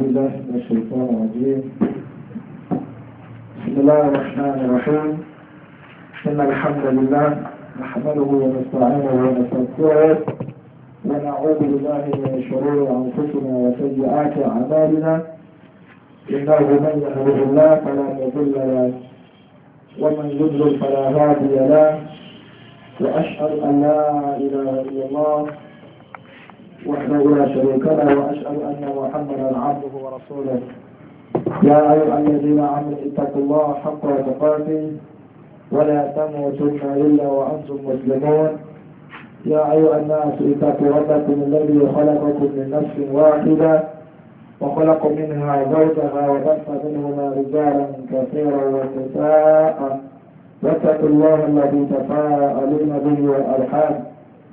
بالله من الشيطان الرجيم بسم الله الرحمن الرحيم إن الحمد لله نحمده ونستعينه ونستغفره ونعوذ بالله من شرور أنفسنا وسيئات أعمالنا إنه من يهده الله فلا مضل له ومن يضلل فلا هادي له وأشهد أن لا إله إلا الله وحده لا شريك له واشهد ان محمدا عبده ورسوله يا ايها الذين امنوا اتقوا الله حق تقاته ولا تموتن الا وانتم مسلمون يا ايها الناس اتقوا ربكم الذي خلقكم من نفس واحده وخلق منها زوجها وبث منهما رجالا كثيرا ونساء واتقوا الله الذي تساءلون به والارحام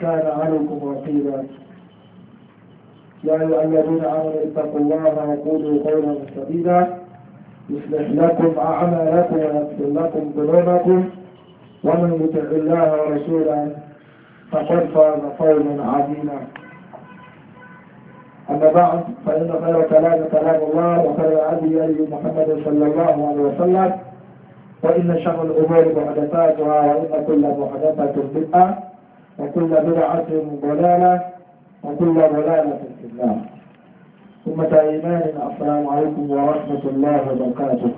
كان عليكم رقيبا يا أيها الذين آمنوا اتقوا الله وقولوا قولا سديدا يصلح لكم أعمالكم ويغفر لكم ذنوبكم ومن يطع الله ورسوله فقد فاز فوزا عظيما أما بعد فإن خير كلام كلام الله وخير هدي هدي محمد صلى الله عليه وسلم وإن شر الأمور محدثاتها وإن كل محدثة بدعة وكل برعة ضلالة وكل ضلالة في النار ثم تأيمان السلام عليكم ورحمة الله وبركاته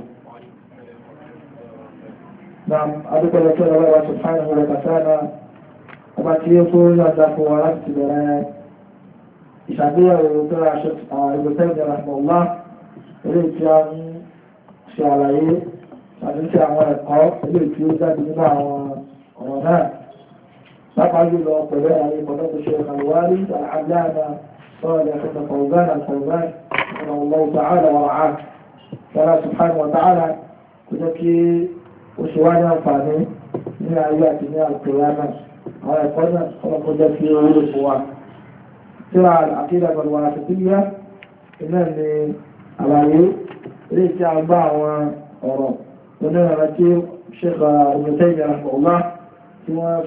نعم أبقى لكي الله سبحانه وتعالى أما كيفو يعزاك ورحمة بنات إشعبية ويقول عشق ابن تيمية رحمه الله إليه كياني شعلي شعلي كياني ورحمة الله إليه كيوزا دينا ورحمة pàápàá jùlọ pẹ̀lú ààrẹ pọ̀tọ́tù ṣe àlùwárí àláàdá صالح بن فوزان الفوزان رحمه الله تعالى ورعاه فلا سبحانه وتعالى كذلك وسوانا فاني من آيات من القيامة على قلنا ونقضى في عود القوام ترى العقيدة والوافقية إنها àlàyé ilé tí a bá àwọn ọ̀rọ̀ onírànlá tí ṣe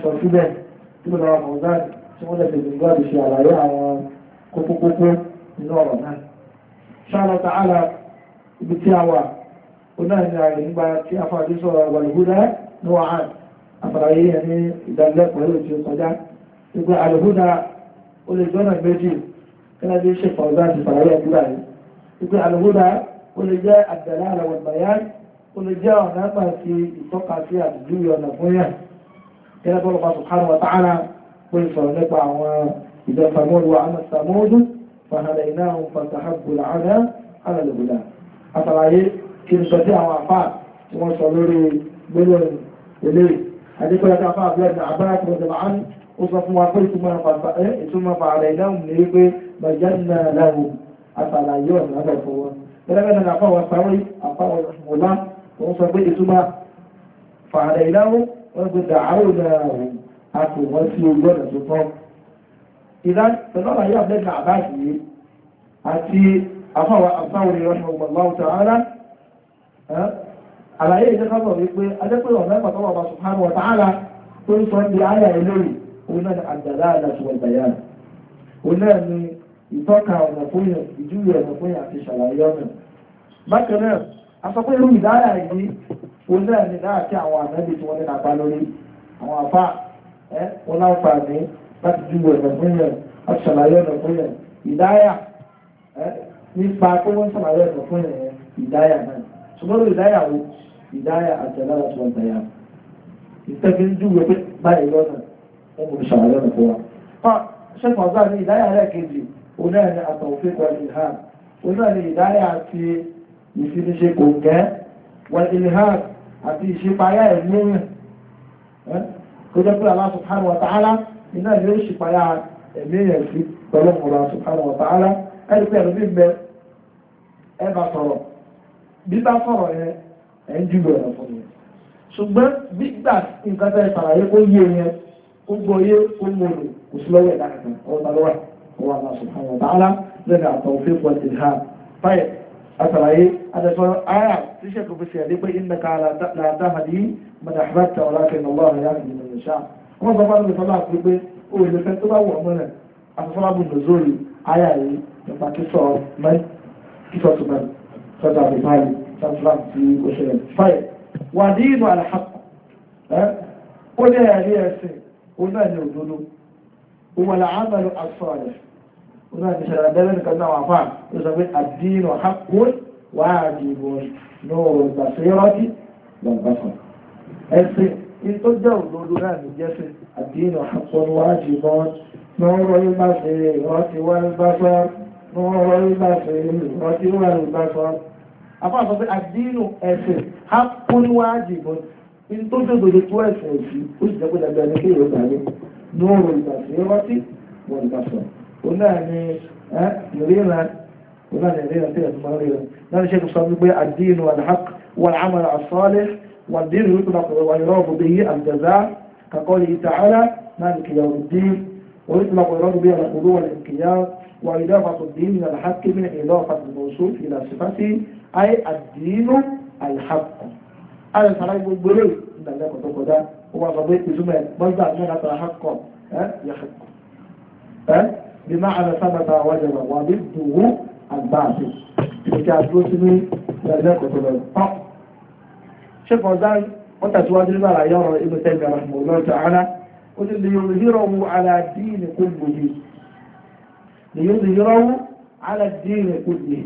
ṣe ṣe tí ó lọ́wọ́ mọ̀ọ́dán tí wọ́n lè fi gbogbo àdìsí àlàyé àwọn kókókókó nínú ọ̀rọ̀ náà. Ṣáàlọ́ ta'ala ibi tí a wà, ó náà ní ààrẹ nígbà tí a fàájú sọ̀rọ̀ àgbàlùhúdá ní wàhán. Àfàlàyé yẹn ní ìdánilẹ́kọ̀ọ́ yóò ti kọjá. Ìgbà àlùhúdá ó lè jọ́nà méjì kílá bí ṣe fọ̀ọ́dá ti ọ̀nà àgbà ìtọ́ka sí àdúgbò ọ̀nà fún yàn ìyá tó lọ́pàá subhanahu wa ta'ala pé sọ̀rọ̀ nípa àwọn ìjọ Samud wa ana Samud fahadaynahum fastahabbu al-'ama 'ala al-huda àtàlàyé kí n sọ sí àwọn àfà tí wọ́n sọ lórí gbólóhùn ilé àdékọ́lá káfà abúlé àbáyà tó lọ́dọ̀ máa ń ó sọ fún wa pé ìtumọ̀ fahadaynahum eh, ní wípé bajanna lahum wọ́n ti dà áwùn náà wò a kò wọ́n sí ojú ọ̀nà tó tọ́. ìdán pẹ̀lú àwọn yóò fẹ́ náà báyìí yìí àti afáwọn afáwọn ìrọ̀lẹ́ ọgbọ̀n ta'ala àlàyé ìjẹ́kábọ̀ wípé adẹ́pẹ́ ọ̀nà ìpàtọ́wọ̀ ọba subhanahu wa ta'ala tó ń sọ ní ayà ìlórí òun náà ni àjàlá àdàtù ọ̀gbàyà òun náà ni ìtọ́ka ọ̀nà fúnyàn ìjúwe ọ̀nà fúnyàn àti ṣàlàyé ọ̀nà bákan náà a sọ pé irú ìdáyà yìí ó náà ní náà kí àwọn ànábì tí wọ́n ní nàpá lórí àwọn àfà ẹ wọn láǹfààní láti júwe ọ̀nà fún yẹn láti ṣàlàyé ọ̀nà fún yẹn ìdáyà ẹ nípa pé wọ́n ṣàlàyé ọ̀nà fún yẹn ìdáyà náà ṣùgbọ́n lórí ìdáyà wo ìdáyà àtẹ̀lára tí wọ́n tẹ̀yà ìtẹ́fi ń júwe pé báyìí lọ́nà wọn kò ṣàlàyé ọ̀nà fún wa. ṣẹ́kùn ọ̀gá ní ní ìdáyà àti ìfiniṣe kò gẹ́ wọ́n ilé hàn àti ìṣípayá ẹ̀mí èèyàn tó jẹ́ pé Allah subhanahu wa ta'ala iná ìlú ìṣípayá ẹ̀mí èèyàn sí pẹ̀lú Allah subhanahu wa ta'ala ẹni pẹ̀lú bí bẹ ẹ bá sọ̀rọ̀ bí bá sọ̀rọ̀ yẹn ẹ̀ ń jùlọ ẹ̀rọ fún mi ṣùgbọ́n gbígbà nǹkan tẹ́ ìfàlàyé kó yé yẹn kó gbọ́ yé kó mọ̀ lò kò sí lọ́wọ́ ìdákankan ọ̀rọ̀ bá lọ́wọ́ Allah subhanahu wa ta'ala lẹ́nu àtọ̀ òfin pọ̀ àtàlàyé adẹ́sọ́rọ̀ àyà tí ṣe kò fi ṣe àdé pé iná ká látàhàdí mọ̀dàhàbàtà ọ̀làkẹ́nà ọlọ́run yá ìlú nìṣá wọ́n sọ fún àdúgbò náà pé pé ó lè fẹ́ tó bá wọ̀ mọ́ rẹ̀ afẹ́fọ́lá bù lò zórí nígbà tí ṣẹlẹ̀ abẹ́rẹ́ nìkan náà wà fà tó sọ pé àdínù hakun wà á di ìbò lóòrò ìgbàsẹ́yọ́rọ́tì lọ́gbàsọ̀ ẹ̀sìn in tó jẹ́ òdodo náà ní jẹ́sìn àdínù hakun wà á di ìbò lóòrò ìgbàsẹ́yọ́rọ́tì wà lọ́gbàsọ̀ lóòrò ìgbàsẹ́yọ́rọ́tì wà lọ́gbàsọ̀ àfáà sọ pé àdínù ẹ̀sìn hakun wà á di ìbò in tó jẹ́ òdodo tó ẹ̀sìn òsì ó sì jẹ́ pé ní kéèrè ó gbà lóòrò ìgbàsẹ́yọ́rọ́tì wà lọ́gbàsọ̀ قلنا يعني نريد قلنا يعني نريد الدين والحق والعمل الصالح والدين يطلق ويراد به الجزاء كقوله تعالى مالك يوم الدين ويطلق ويراد به الغلو والانقياد وإضافة الدين من الحق من إضافة الوصول إلى صفته أي الدين الحق هذا صلاح بريء إن الله قد قد هو قضيت بزمان بلدع من أطرحكم يحقكم بمعنى ثبت وجب وضده الباطل ìjọ àdúró sí ní ìrẹ̀lẹ́kọ̀ọ́ tó lọ́rọ̀ pọ́. ṣé fọ́ndáì wọ́n tẹ̀síwájú nígbà àlàyé ọ̀rọ̀ ibùdó tẹ́gbà rahmu lọ́jọ́ ta'ala ó ní lè yóò rí rọ̀wù aládìíní kò gbòdì lè yóò rí rọ̀wù aládìíní kò gbòdì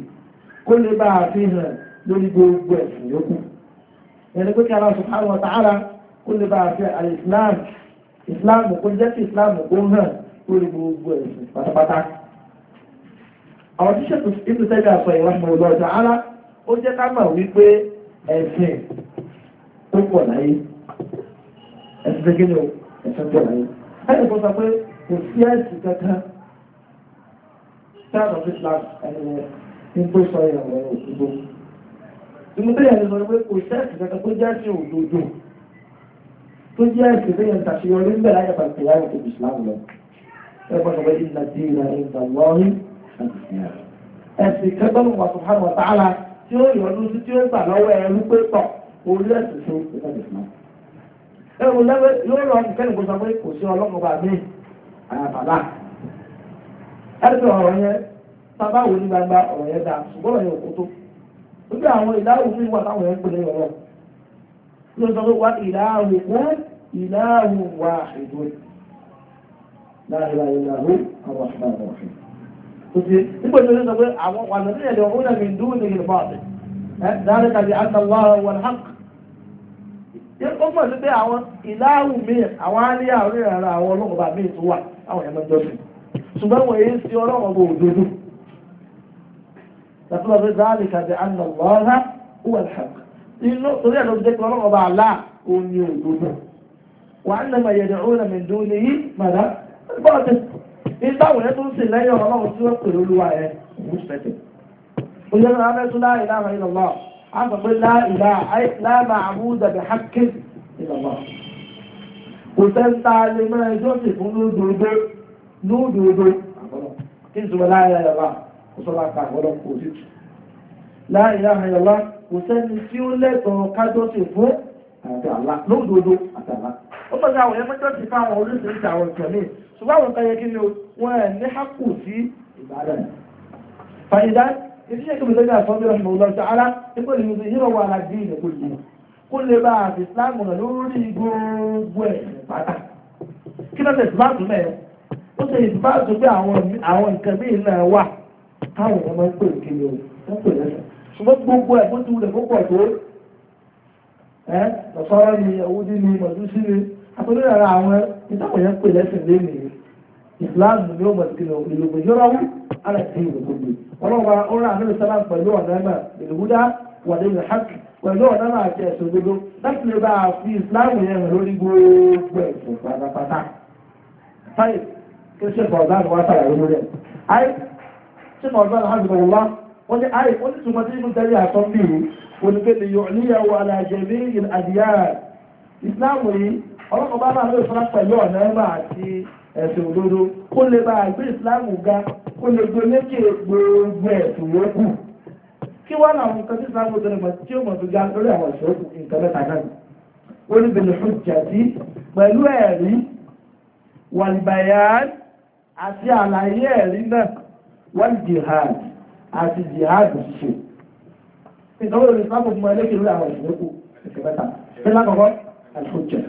kó lè bá a fi hàn lórí gbogbo ẹ̀sìn yòókù. ẹni pé kí Allah subhanahu kó lè bá a islam Islam kó jẹ́ kí Islam kó hàn lórí gbogbo ẹ̀sìn pátápátá. àwọn tí sẹ́kù ibùdó tẹ́lẹ̀ àfọ ìwà ìmọ̀ ọ̀dọ̀ ọ̀dọ̀ ara ó jẹ́ ká mọ̀ wípé ẹ̀sìn tó pọ̀ láyé ẹ̀sìn tó kéde ẹ̀sìn pọ̀ láyé. ẹ̀sìn kan sọ pé kò sí ẹ̀sìn kankan táwọn ọ̀fíìsì láti ẹ̀rọ ní tó sọ ìrànwọ́ òdodo. ìmúdéyà ló sọ pé kò sí ẹ̀sìn kankan tó jẹ́ ẹ̀sìn òdodo tó jẹ́ ẹ̀sìn tó yẹn tàṣeyọrí ń bẹ̀rẹ̀ ẹgbẹ́sọ̀rọ̀ ìlà tí ìlà ìgbà lọ́rin ẹ̀sìn kẹgbẹ́rún wa subhanahu wa ta'ala tí ó yọ̀ọ́dún sí tí ó gbà lọ́wọ́ ẹrú pé tọ̀ orí ẹ̀sìn tó ìtàgé fún ẹ̀rù lẹ́wẹ́ yóò lọ nìkẹ́ni kó sọ pé kò sí ọlọ́mọba mi àyàbàlá ẹ̀sìn ọ̀rọ̀ yẹn bàbá wo ní gbangba ọ̀rọ̀ yẹn dáa ṣùgbọ́n ọ̀rọ̀ yẹn ò kó tó ó bí àwọn ìdáhùn fún wá ìdáhùn kún láàrin àyíláhù àwọn àṣìláàrọ̀ ọ̀fẹ́. Nígbà tí ó sọ pé àwọn wàlẹ̀ ní ẹ̀dẹ̀ òun lẹ́mí dúró ní ìlú báàbí. Dáre kàbí àtàlára wọn hàk. Ó mọ̀ sí pé àwọn ìláhù mi, àwọn àríyá orí ara àwọn ọlọ́mọba mi tó wà àwọn ẹ̀mọ́ jọ́sìn. Ṣùgbọ́n wọ́n yé sí ọlọ́mọba òdodo. Tàbí wọ́n fi dáre kàbí àtàlára wọn hàk. Inú torí ẹ̀ ló jẹ́ pé ọlọ́mọba àlá òun ni òdodo. Wà á nà mà yẹ̀dẹ̀ òun lẹ́mí dúró ní yí màdá bọ́ọ̀dì ìtàwọn ẹ̀ tó ń sìn lẹ́yìn ọlọ́run tí wọ́n pè olúwa ẹ̀ mùsùlùmí. Oyè náà abẹ́ tún la ilaha illallah, a sọ pé la ilaha la ma'buda bihaqqin illallah. Kò sẹ́ńtà lè mọ ẹjọ́ sì fún lódodo lódodo kí n sọ la ilaha illallah ó tọ́jú àwọn yẹn pẹ́jọ́ ti fáwọn oríṣiríṣi àwọn ìtọ́ ní ṣùgbọ́n àwọn kan yẹ kí ni wọ́n ẹ̀ ní hákù sí ìbàdàn. fàyídá ìdí ṣe kébùsọ̀ ní àsọ́jú rẹ̀ mọ̀ lọ́sọ̀ ara nígbà tí mo yíra wà láti dín ìdẹ́kùn yìí kó lè bá àti ìsìláàmù rẹ̀ lórí gbogbo ẹ̀ pátá kí lọ́sẹ̀ ìsìláàmù mẹ́ẹ̀ ó ṣe ìsìláàmù pé àwọn nǹkan bíi náà wà táwọn ọmọ ń pè kí ni ó ń pè lẹ́sẹ̀ ṣùgbọ́n gbogbo ẹ̀ bó ti wulẹ̀ púpọ̀ tó ẹ́ lọ́sọ́rọ́ ni ẹ̀wúdí ni mọ̀dúsí ni àtúndì rárá àwọn ìtàwọn yẹn pè lẹ́sìn lémi ìsìláàmù ni ó mọ̀ sí ìlòkè yọrọ wù aláìsí ìlòkè yìí ọlọ́wà ọ̀rọ̀ àmì sábà pẹ̀lú ọ̀nà ẹ̀mà ìlúdá wọ̀dé ìhàkì pẹ̀lú ọ̀nà ẹ̀mà àti ẹ̀sùn òdodo láti lè bá fi ìsìláàmù yẹn hàn lórí gbogbo ẹ̀sùn pátápátá. fáyì kí ṣe fọ̀ọ̀dán wá sàlàyé lórí ẹ̀. ayé ṣe fọ̀ọ̀dán wá sàlàyé wá wọ́n ní ayé wọ́n ti túmọ̀ sí ibùn tẹ́lẹ̀ ọlọ́run bá bá lóye fúnra pẹ̀lú ọ̀nà ẹ̀mà àti ẹ̀sìn òdodo kó lè bá àgbé ìsìláàmù ga kó lè gbé lékè gbogbo ẹ̀sìn yòókù kí wọ́n náà mú kẹ́sì ìsìláàmù tó nígbà tí ó mọ̀ tó ga lórí àwọn ìṣòkù nǹkan mẹ́ta náà ó ní bẹ̀rẹ̀ fún jàdí pẹ̀lú ẹ̀rí wàlìbàyàn àti àlàyé ẹ̀rí náà wọ́n jihad àti jihad ṣiṣẹ́ ìtọ́wọ́ ìsìláàmù mọ̀ lékè lórí àwọn ìṣòkù nǹkan mẹ́ta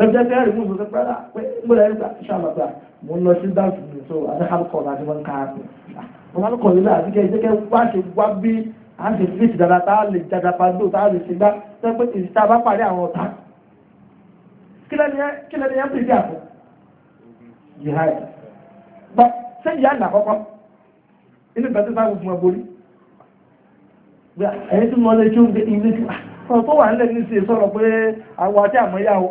lọ́jọ́ tẹ́ ẹ̀rí mùsùlùmí pẹ́lá pé gbọ́dọ̀ ẹ̀rí ṣàlọ́gbà mo ń lọ sí dáàbò mi tó adéhàlùkọ̀ láti wọ́n ká àwọn ah, alùkọ̀ yìí láti kẹ́ ìjẹ́kẹ́ wá ṣe wá bí a ṣe fíìsì dada tá a lè jada pàdó tá a lè ṣe gbá tẹ́ pé ìṣìta bá parí àwọn ọ̀tá kí lẹ́ni yẹn pèsè àpò jihad gbọ́ ṣé ìyá àgbà kọ́kọ́ inú ìgbà tó sáwọ́ fún ọgbórí ẹ̀yìn tí mo lè ṣe oúnjẹ ìlú ah, ní ṣe sọ̀rọ̀ pé àwọn àti àmọ́yá o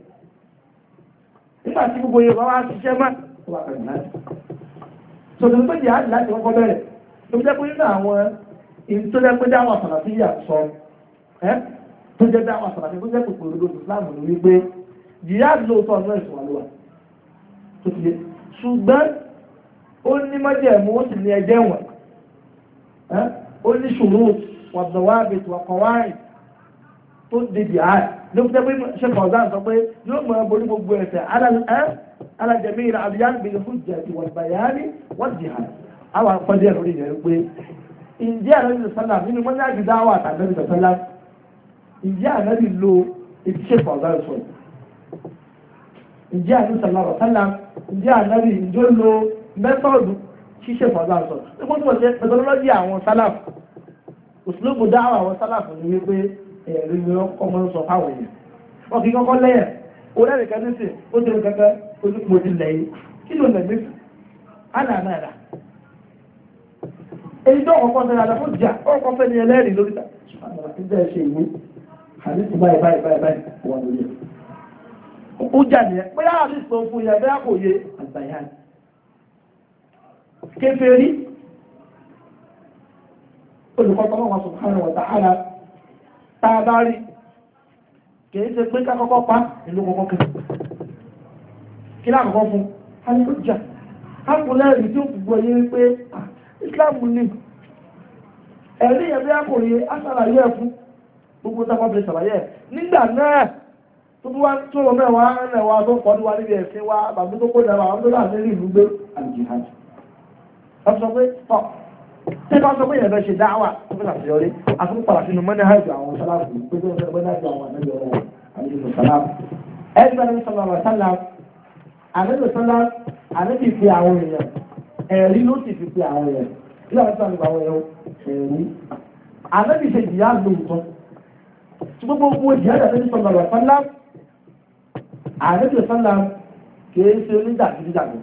nígbà tí gbogbo yorùbá wá ṣiṣẹ́ má wà pẹ̀lú láti sọ̀tún pé jihad láti kọ́kọ́ bẹ̀rẹ̀ tó jẹ́ pé nínú àwọn èyí tó jẹ́ pé dáwọn àfàlàfí yà sọ ẹ́ tó jẹ́ dáwọn àfàlàfí tó jẹ́ kòkòrò lóṣù islam ní wípé jihad lóòótọ́ ọ̀nà ìṣòwò àlùwà tó ti yé ṣùgbọ́n ó ní mọ́jẹ̀mú ó sì ní ẹjẹ́ wọn ó ní ṣòro wàdọ̀wábìtì wàkọ̀wáì tó débi àárẹ̀ ló fi tẹ́pẹ́ ṣe fọ̀ọ́sán sọ pé yóò mọ borí gbogbo ẹ̀sẹ̀ alájẹmí ìrà àbíyáni bí fún jẹ̀dì wọ̀n bàyáni wọ́n di àárẹ̀ àwọn akọ́dé ẹ̀rọ rí rẹ̀ pé ǹjẹ́ ànábì sọ́lá nínú mọ́ní àgbẹ̀dá wà tàbí sọ́lá ǹjẹ́ ànábì lo ibi ṣe fọ̀ọ́sán sọ ǹjẹ́ ànábì sọ́lá sọ́lá ǹjẹ́ ànábì ìjọ lo mẹ́tọ́ọ̀dù ṣíṣe fọ̀ọ́sán sọ nígbà tó wọ́n ṣe pẹ̀tọ́lọ́jì ẹ̀rí ni wọ́n kọ́ máa ń sọ fáwọn èèyàn wọ́n kì í kọ́kọ́ lẹ́yẹ̀ ó lẹ́rìí kan nísì ó ti rìn kankan ojú mo ti lẹ̀ yìí kí ló lẹ̀ nísì ánà náà rà èyí tó kọ́kọ́ sọ yàtọ̀ fún jà ó kọ́ fẹ́ ni ẹlẹ́rìí lórí ta àdìsí báyìí báyìí báyìí báyìí wà lórí ẹ̀ ó jà nìyẹn pé àdìsí tó ń fún yẹn bẹ́ẹ̀ kò yé àgbàyà kéferí olùkọ́ tọ́lọ́wọ́ sọ̀rọ̀ àwọn ọ̀tá ara tá a bá rí kìí ṣe pé kákọ́kọ́ pa ìlú kọ́kọ́ kí kí láàkọ́kọ́ fún hallelujah káàkùn tí ó gbogbo yé wípé Islam ní ẹ̀rí ẹ̀rí àkòrí aṣàlàyé ẹ̀ gbogbo tá a fọ́bìnrin ṣàlàyé ẹ̀ nígbà náà tó bí wá tó lọ mẹ́wàá ẹ̀wà tó kọ́ ní wa níbi ẹ̀sìn wa bàbá tó kó tẹ́lá sọ pé ìyẹn fẹ́ ṣe dáwà tó fẹ́ ṣàṣeyọrí àtúntàlà sínú mọ́ni hajj àwọn sálàfù pé tó fẹ́ mọ́ni hajj àwọn ànábì ọ̀rọ̀ àlejò sálàfù. ẹgbẹ́ ní sọlọ́wọ́ sálàfù àlejò sálàfù àlejò fi àwọn èèyàn ẹ̀rí ló sì fi fi àwọn èèyàn ilé àwọn sálàfù àwọn èèyàn ẹ̀rí. àlejò ṣe jìyà lóòótọ́ tí gbogbo owó jìyà àlejò sọlọ́wọ́ sálàfù àlejò sálàfù kì í ṣe onídàgídídàgbọ̀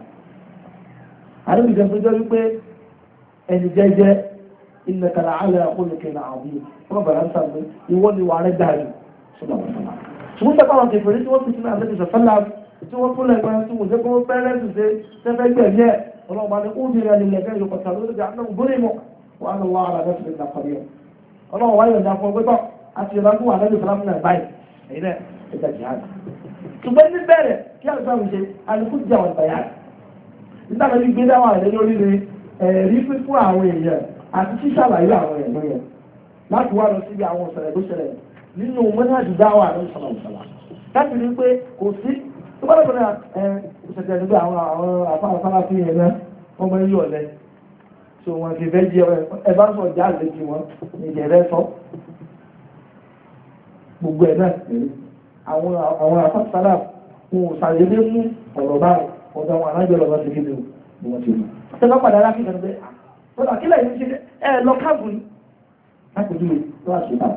àlejò ẹni jẹ́jẹ́ ilẹ̀ kàrà àlẹ́ àkólẹ̀kẹ̀ náà àbí rọ́bàrà ń sàmì ìwọ́n ni wàá rẹ̀ dàrí ṣùgbọ́n tẹ́pá wọn kẹfẹ́ tí wọ́n fi sínú àlejò sọ̀fẹ́lá tí wọ́n kúlẹ̀ ìgbọ́n tí wọ́n jẹ́ kó pẹ́rẹ́ tù sí tẹ́fẹ́ gbẹ̀mí ẹ̀ ọlọ́ọ̀bá ni ó nira nílẹ̀ kẹ́ yóò kọ̀tà lórí àná ògbóni mọ̀ wà á lọ́wọ́ ara rẹ̀ fún ìdàkọ̀rí ẹ̀ ọlọ́wọ́ wáyé ọ̀dà fún ọgbẹ́tọ̀ àti ìrọ̀lá fún àlejò ní bẹ̀rẹ̀ kí àlùfáà ń alùpùpù jẹ́ àwọn ìbàyà nígbà gbé dáwọn àlejò lórí ẹ̀rí pípọ́ àwọn èèyàn àti ṣíṣàlàyé àwọn èèyàn yẹn láti wá lọ síbi àwọn ọ̀sẹ̀rẹ̀ tó ṣẹlẹ̀ nínú mọ́nájú dáwà ní ìṣọ̀lọ̀ṣọ̀lá láti rí pé kò sí tó bá lọ́pọ̀ náà ẹ ìṣẹ̀tẹ̀ nígbà àwọn àwọn afárafárá fi yẹn náà wọ́n máa ń yọ̀ lẹ so wọn fi fẹ́ jẹ ẹ ọ̀rọ̀ báyìí tẹ́lọ́ padà rá fífẹ́ pé ọ̀rọ̀ àkílẹ̀ yìí ṣe ẹ lọ káàbùn lápòjú mi ló wà ṣùgbọ́n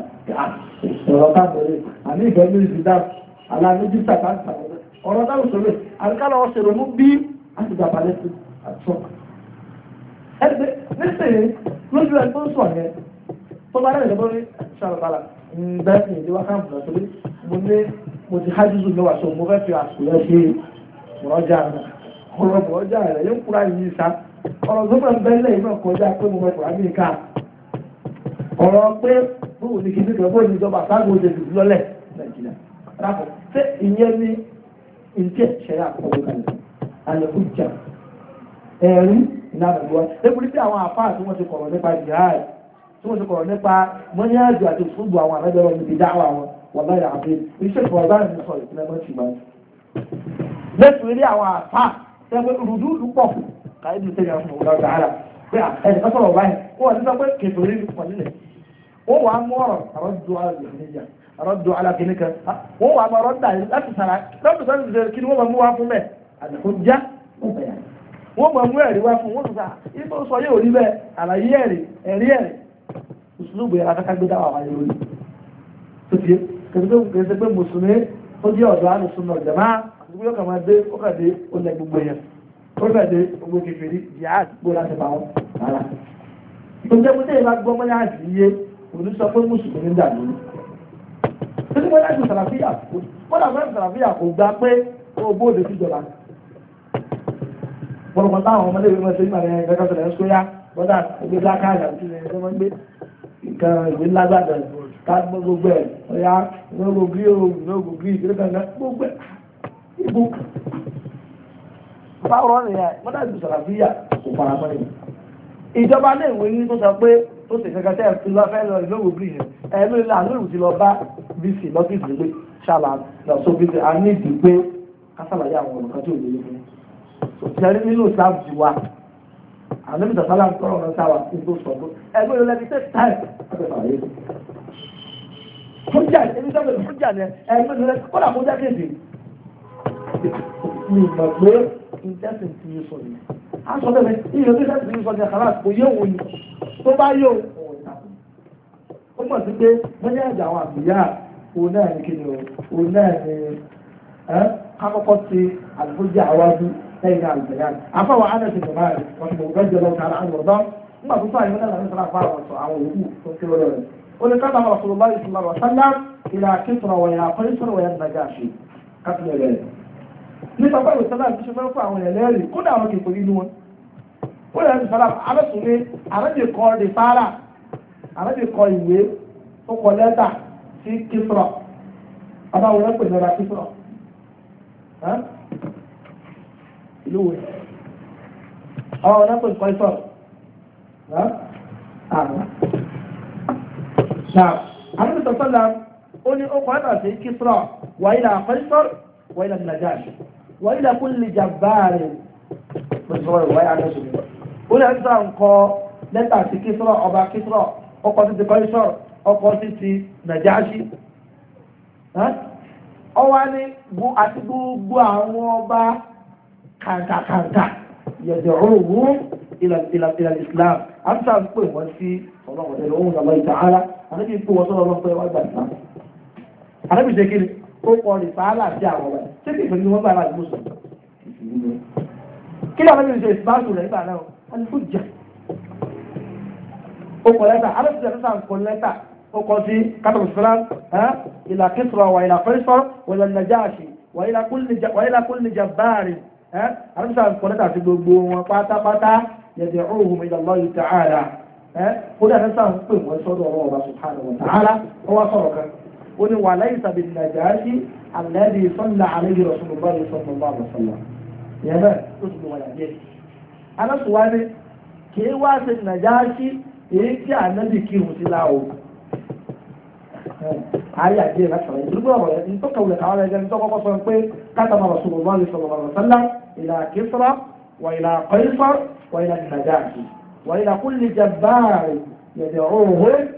ọ̀rọ̀ káàbùn rẹ̀ àmì ìfẹ́ mi ti dá alámẹ́jì sàkáǹtà ọ̀rọ̀ táwọn sọ̀rọ̀ àríkálọ̀ ọ̀sẹ̀ rẹ̀ mú bí láti gbà balẹ̀ sí àtúnṣọ́ ẹgbẹ́ nísìnyí lójú ẹ̀ tó ń sọ̀ yẹn tó bá rẹ̀ lọ́wọ́ ṣàlùbàlà ǹbẹ́ ìdí wákà mùnà torí mo ní mo ti hájú zù mẹ́wàá sọ mo fẹ́ fi àsùnlẹ̀ ṣe ọ̀rọ̀ mọ̀ọ́jà rẹ̀ yóò kúrò àyè ọ̀rọ̀ tó máa ń bẹ́lẹ̀ iná kọjá pé mo mọ̀ amẹ́ríkà ọ̀rọ̀ pé bóò ní kí nígbà bóò ní ìjọba sáàgùn oṣù tó lọ́lẹ̀ nàìjíríà rápọ̀ ṣé ìyẹn ní ìjẹ́ ṣẹ̀yà àkọ́kọ́ kalẹ̀ alẹ́kùjà ẹ̀rí ìlànà ìwà lẹ́kùn níbi àwọn àfáà tí wọ́n ti kọ̀rọ̀ nípa jihad tí wọ́n ti kọ̀rọ̀ nípa mọ́nyáàjò àti ìṣubú àwọn àmẹ́jọ́rọ̀ níbi dáwà wọn wọ́n láyà àbí iṣẹ́ ìfọwọ́ bá rìn sọ̀rọ̀ ìpínlẹ̀ mọ́tì báyìí lẹ́kùn níbi àwọn àfáà tẹ́gbẹ́ rùdúùdù pọ̀ kàí bí sẹ́yìn àwọn ọ̀gá ọ̀gá ara pé ẹnì kan sọ̀rọ̀ báyìí ó wà nígbà pé kẹfìrí ní pọ̀ nílẹ̀ ó wà mú ọ̀rọ̀ àrọ́dù alàgbẹ̀nìyà àrọ́dù alàgbẹ̀nìkà ó wà mú ọ̀rọ̀ dàrí láti sàrà láti sàrà ìṣẹ̀lẹ̀ kí ni wọ́n máa mú wá fún bẹ́ẹ̀ àdìkúnjá wọ́n máa mú ẹ̀rí wá fún wọ́n sọ̀tà ibo sọ yóò rí bẹ́ẹ̀ àlàyé ẹ̀rí ẹ̀rí ẹ̀rí ìṣúlùgbò yàrá káká gbé dáwà máa dé ó kà dé ó lẹ gbogbo yẹn kọ́lẹ̀dé ogun kékeré jihad gbó láti bá wọn rárá ìgbésẹ̀kúté ìbá gbọ́ mọ́ yáàdì iye òní sọ pé mùsùlùmí ń dàgbé títí mọ́ láti sàràfíà kó láti sàràfíà kò gbà pé ó bóde síjọba pọ̀lọpọ̀ táwọn ọmọdé ìwé mọ́ sí ìmọ̀ rẹ̀ gẹ́gẹ́ sọ̀rọ̀ ẹ̀ṣọ́ yá bọ́dà ìgbé lákàrà tí ó máa ń gbé nǹkan ìwé lágbàdà ká gbogbo ẹ̀ ọ̀yá gbogbo fáwọn ọ̀rìn yẹn mọ́tàbí sàlàfíà kò fara mọ́ yìí. ìjọba ní ìwé yín tó sọ pé tó sì kankan tẹ́ ẹ̀ fi lọ́fẹ́ lọ ìlú òwúrọ̀ yìí ẹ̀ ló lè àlóòrùn ti lọ bá bíìsì lọ́fíìsì pé ṣàlà lọ sọ bíìsì a ní ìdí pé kásàlàyé àwọn ọ̀rọ̀ kan tí ò lè yẹ òtítẹ́rí nínú islam ti wá àlẹ́ mi sàlá ń tọrọ ọ̀rọ̀ sáwà tí tó sọ pé ẹgbẹ́ ìlú ẹni tẹ́ ni ẹgbẹ́ ìlú ìtẹ́sìn ti yé sọ yìí a sọ bẹ́ẹ̀ ìyẹn tó tẹ́sìn ti yé sọ ní àkàrà kò yé òun yìí tó bá yé òun ó mọ̀ sí pé bóyá ẹ̀jẹ̀ àwọn àbíyá òun náà ní kíni o òun náà ní kákọ́kọ́ ti àlùfóòjì àwájú lẹ́yìn àlùfẹ́yà àfọwọ́ ánẹ́sì bàbá rẹ̀ wọ́n ti bọ̀ gbẹ́jọ lọ kára àwọn ọ̀dọ́ nígbà tó fàyè mọ́lá láti sọ́ra fáwọn ọ̀sọ̀ àwọn òkú tó kí lọ́rọ̀ rẹ̀ ó ní kábàámà Rasulullahi sallallahu alaihi wasallam ìlà kíkùrọ̀ wọ̀nyà kọ́lẹ́sọ̀rọ̀ wọ̀nyà nàgàṣì kápẹ́lẹ̀ rẹ̀ nípa báyìí sọ́lá àti ṣe fẹ́ fún àwọn ẹlẹ́rìí kódà àwọn kìkò nínú wọn ó lè rẹ́ sọ́lá arákùnrin arábì kọ ọdẹ sáárà arábì kọ ìwé ó kọ lẹ́tà sí kífrọ̀ abáwọn ẹ̀pẹ̀ lọ́ra kífrọ̀ ìlú wẹ̀ àwọn ẹ̀pẹ̀ kọ ìfọ̀ àná. Now, arábì sọ́lá ó ní ó kọ lẹ́tà sí kífrọ̀ wàyí là kọ́ ìfọ̀ wàyí là nàjáàṣì wọ́n ilẹ̀ kún lè jà báàrẹ̀ pẹ̀sọ̀rọ̀ ìwà yà lọ́sùn mi. ó lè sọ nǹkọ lẹ́tà sí kísọ̀rọ̀ ọba kísọ̀rọ̀ ọkọ̀ sí ti kọ́ńsọ̀ ọkọ̀ sí ti nàjáṣí. ọwọ́ ni bu àti gbogbo àwọn ọba kàǹkàkàǹkà yẹ̀dẹ̀ òwú ilẹ̀ Islam amsa ń pè wọ́n sí ọlọ́run ọ̀dẹ̀ lọ́wọ́ ìtàhálà àdébí pé wọ́n sọ̀rọ̀ ọlọ́pẹ́ wá gbà Islam. àdébí kí ni ó kọ lè fa àlà sí àwọn ọ̀rẹ́ tí kìí pẹ̀lú wọn bá ara ìgbó sùn. kí lóò lóyún ṣe ìsìbáṣù rẹ̀ nígbà náà alifu jà ó kọ lẹ́tà alẹ́sìtì ẹ̀sán sàn kọ lẹ́tà ó kọ sí kátàkù sọ́lá ìlà Kisra wà ìlà Qaisar wà ìlà Najashi wà ìlà kulli jabbarin alẹ́sìtì sàn kọ lẹ́tà sí gbogbo wọn pátápátá yẹ̀dẹ̀ ọ̀hún ila Allah ta'ala ó dà ó ní wàhálà ìsàbí nàjàásí àlẹ́bí sọ́nà àlẹ́yìn rọ̀ṣùn bá rẹ̀ sọ́nà bá rẹ̀ sọ́nà yẹn bẹ́ẹ̀ ó sì wà yàgbé. alásùwá ni kì í wá sí nàjàásí èyí tí ànábì kírun sí láwo. ayé àgbẹ̀ rẹ̀ sọ̀rọ̀ ìdúró ọ̀rọ̀ yẹn tó kàwé káwọn ẹgbẹ́ tó kọ́kọ́ sọ pé kátàmà rọ̀ṣùn bá rẹ̀ sọ́nà ìlà kísra wà ìlà qaisar wà ìlà nàjàásí wà ìlà kulli jabbar yẹ̀dẹ̀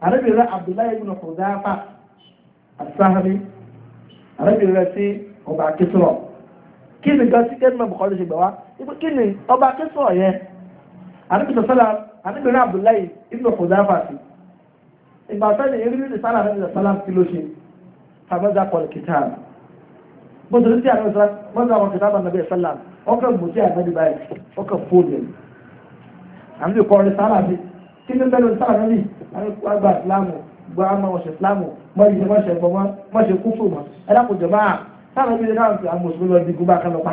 arábìnrin abdullahi ibn Hudhafa asáhámi arábìnrin rẹ̀ sí ọba akísọ̀rọ̀ kí ni gan sí kẹ́nu mọ̀ bùkọ́lù ṣe gbà wá kí ni ọba akísọ̀rọ̀ yẹn arábìnrin sọ́lá arábìnrin abdullahi ibn Hudhafa sí ìgbà sẹ́ni eré nínú sára arábìnrin sọ́lá kí ló ṣe tàbẹ́dà kọ̀ọ̀lù kìtàbù bó ti àwọn ìsọ́lá mọ́tò àwọn kìtàbù ànàbẹ́ sọ́lá ọkọ̀ mùtí àgbẹ̀dì báyìí ọkọ̀ fóònù àmì ìkọrin sára mi kí ni bẹ́ẹ̀ ló wọ́n gba ìsìlámù gba àmọ́ ọ̀sẹ̀ ìsìlámù mọ́ ìṣe mọ́ ìṣe ìfọ̀mọ́ mọ́ ìṣe kúfù mọ́ ẹ dákun jọba táwọn náà ti àwọn mùsùlùmí lọ di gúbà kan pa.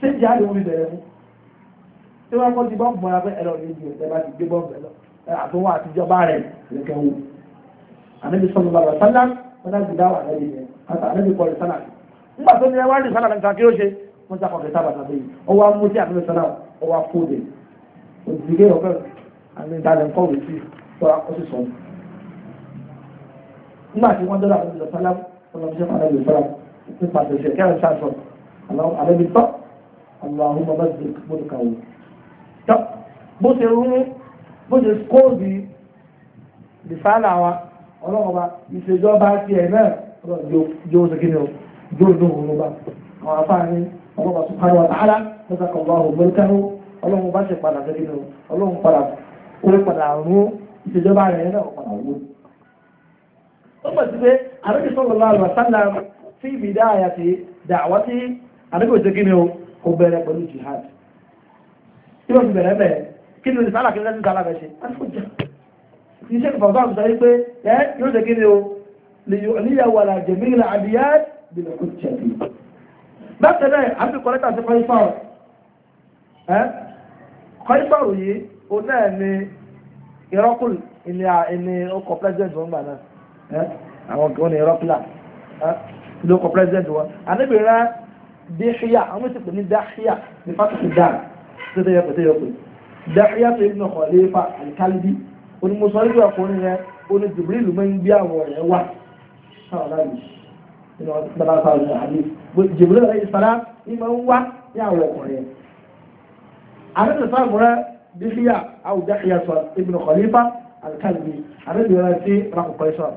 ṣé ìjà ló ń bẹ̀rẹ̀ wọ́n kọ́ ti bọ́ọ̀bù mọ́ra pé ẹ̀rọ ìdí ẹ̀ bá ti gbé bọ́ọ̀bù ẹ̀ lọ àtúnwá àtijọba rẹ̀ lẹ́kẹ̀ wò. ànábi bàbá sálá wọn náà gbìdá wà lẹ́yìn rẹ̀ àtà ànábi kọ́ ìsálà. nígbà tó ní ẹ wá rí ìsálà nǹkan kí ó ṣe wọ́n ti àkọ́kẹ́ sábà tàbí ọwọ́ amúti àtúnṣe sálà ọwọ́ afọ́dẹ̀ òdìgẹ́ ọ̀fẹ́ àti ìdálẹ̀ ń kọ̀wé sí tọ́ra kó sì sọ. nígbà tí wọ́n dọ́là àwọn ìlú sálá ọlọ́mọdé fún àlejò sálá nípa àtẹ̀sẹ̀ kí àrùn sàṣọ àlejò tọ́ àwọn bàbá ti gbọ́dọ̀ kàwé. tọ́ bó ṣe rú bó ṣe kóòdì ìfàlà wa ọlọ́mọba ìṣèjọba tiẹ̀ náà yóò ṣe kí ni o yóò dùn òun ló bá àwọn afáàní ọlọ́mọba subhanahu wa ta'ala lọ́sàkọ̀ọ́ ọlọ́mọba ṣe padà sí kí ni padà ó padà rún ìṣèjọba rẹ̀ náà padà rún. ó mọ̀ sí pé àdókè sọ̀rọ̀ lọ́wọ́ àlùbà sálà sí ibi dáhàyà sí dàwọ́ sí àdókè òjò kí kò bẹ̀rẹ̀ pẹ̀lú jihad. kí ló fi bẹ̀rẹ̀ bẹ̀rẹ̀ kí ni olùsálà kí ló ń sálà bẹ̀ ṣe? iṣẹ́ ìfọ̀sọ́ àbùsọ̀ yìí pé ẹ yóò ṣe kí ni o lè yọ̀ níyàwó àlàjẹ̀ mí bákanáà àti kọ́lẹ́tà sí kọ́lẹ́fàrò ẹ́ yìí òun náà ni ìrọ́kùl ìní ini ọkọ̀ president wọn gbà náà àwọn kan ní Eh, ìlú ọkọ̀ president wọn àdébìnrin dèhíyà àwọn èsì pè ní dàhíyà ní fásitì dàn tó tẹ́yẹ pé tẹ́yẹ pé dàhíyà tó ibùdó ọkọ̀ léfa àlìkálíbí onímọ̀sọ́rí bí ọkùnrin yẹn oní jìbìrì ló máa ń gbé àwọn ọ̀rẹ́ wà sáwọn láàyè nínú ọdún tó bá sáwọn ọ̀rẹ́ àlè jìbìrì ọ̀rẹ́ ìsàlá ní máa ń wá ní àwọn ọkùnrin yẹn àdébìnrin sáà دحية أو دحية ابن خليفة الكلبي الذي يرى في رقم قيصر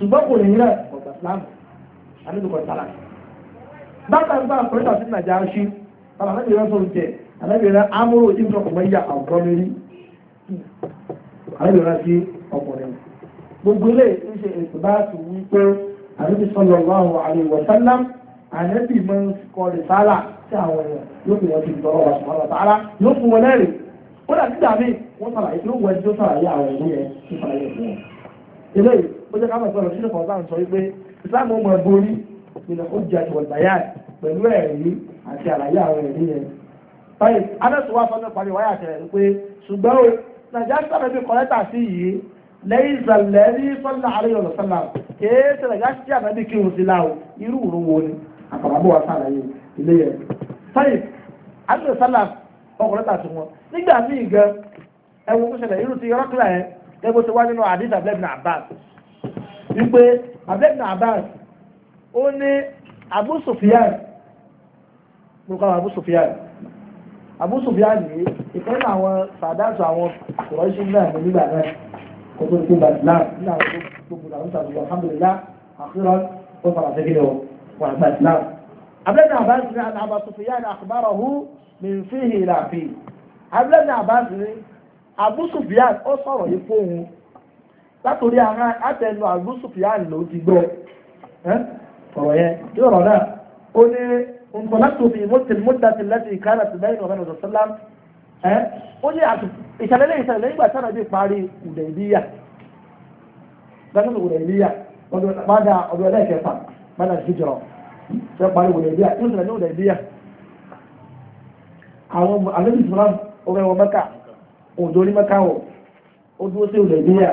سبق الهلال والإسلام الذي قد سلام بعد أن بقى قيصر سيدنا جاشي طبعا الذي يرى سلطة الذي يرى عمرو ابن أمية أو قمري الذي يرى في أمرين gbogbo ilé ìṣe ìtìbáàtì wípé àdébí sọlọ lọ́wọ́ àlè wọ̀sálàm àdébí mọ́ ń kọ́ rìsálà sí àwọn èèyàn yóò fi wọ́n ti gbọ́ ọ̀rọ̀ àṣùmọ́lá tààrà yóò fún wọn lẹ́rìí ó dà títà mí wọ́n sàlàyé tí ó wọ ẹni tó sàlàyé àwọn ẹ̀rí ẹ̀ tó sàlàyé fún wọn. ilé yìí ó jẹ́ káwọn ìpẹ́rọ sílẹ̀ kan sáà sọ wípé ìsìláàmù ọmọ borí ìpìlẹ̀ ó jẹ́ àti wọ̀lbàyà pẹ̀lú ẹ̀rí àti àlàyé àwọn ẹ̀rí ẹ̀. báyìí adẹ́sùn wá fọ́nà parí wáyà tẹ̀lẹ̀ wípé ṣùgbọ́n o nàìjíríà sábẹ̀ bí kọ́lẹ́tà sí yìí lẹ́yìn ìsàlẹ̀ ní sọ́nà àríyọ̀ lọ́sọ́nà kéèsì nàìjíríà sí àbẹ́bí kírun sí láò irú òru wo ni àkàràbọ̀ wa sàlàyé ilé yẹn. báyìí adẹ́sùn sálà ọkùnrin tàbí wọn nígbà míì gan ẹwọ tó ṣẹlẹ̀ irú ti rọ́kìlà yẹn gẹ́gbó ti wá nínú àdìs abdulhamid abbas wípé abdulhamid abbas ó ní abu sufiyan mo kọ́ abu sufiyan abu sufiyan yìí ìkan nínú àwọn sàdáàtù àwọn kùrọ́ṣì náà ní nígbà náà kó tó ti bàtì náà nínú àwọn tó gbogbo àwọn sàdùn alhamdulillah àkírọ́ ó fara sí kí ni ó wà bàtì náà abdulhamid abbas ní abu sufiyan akhbarahu. min fihi ila fi abúlé ní àbáṣe ní Abu Sufyan ó sọ̀rọ̀ yìí fóun látòrí ara àtẹnu Abu Sufyan ló ti gbọ́ ọ̀rọ̀ yẹn tí ọ̀rọ̀ náà ó ní nǹkan fi mọ́tì mọ́tì láti ìkárà ti bẹ́ẹ̀ ọ̀rẹ́ sọ́lá ó ní ìṣẹ̀lẹ̀ lẹ́yìn ìṣẹ̀lẹ̀ lẹ́yìn ìgbà tí ànábì parí Hudaybiya gbẹ́sẹ̀ Hudaybiya ọdún ọdún àwọn alẹ́bí Islam, ọgbẹ́ wọn mẹ́ka òjò orí mẹ́ka wọ̀ ó dúró sí ilẹ̀ ìbíyà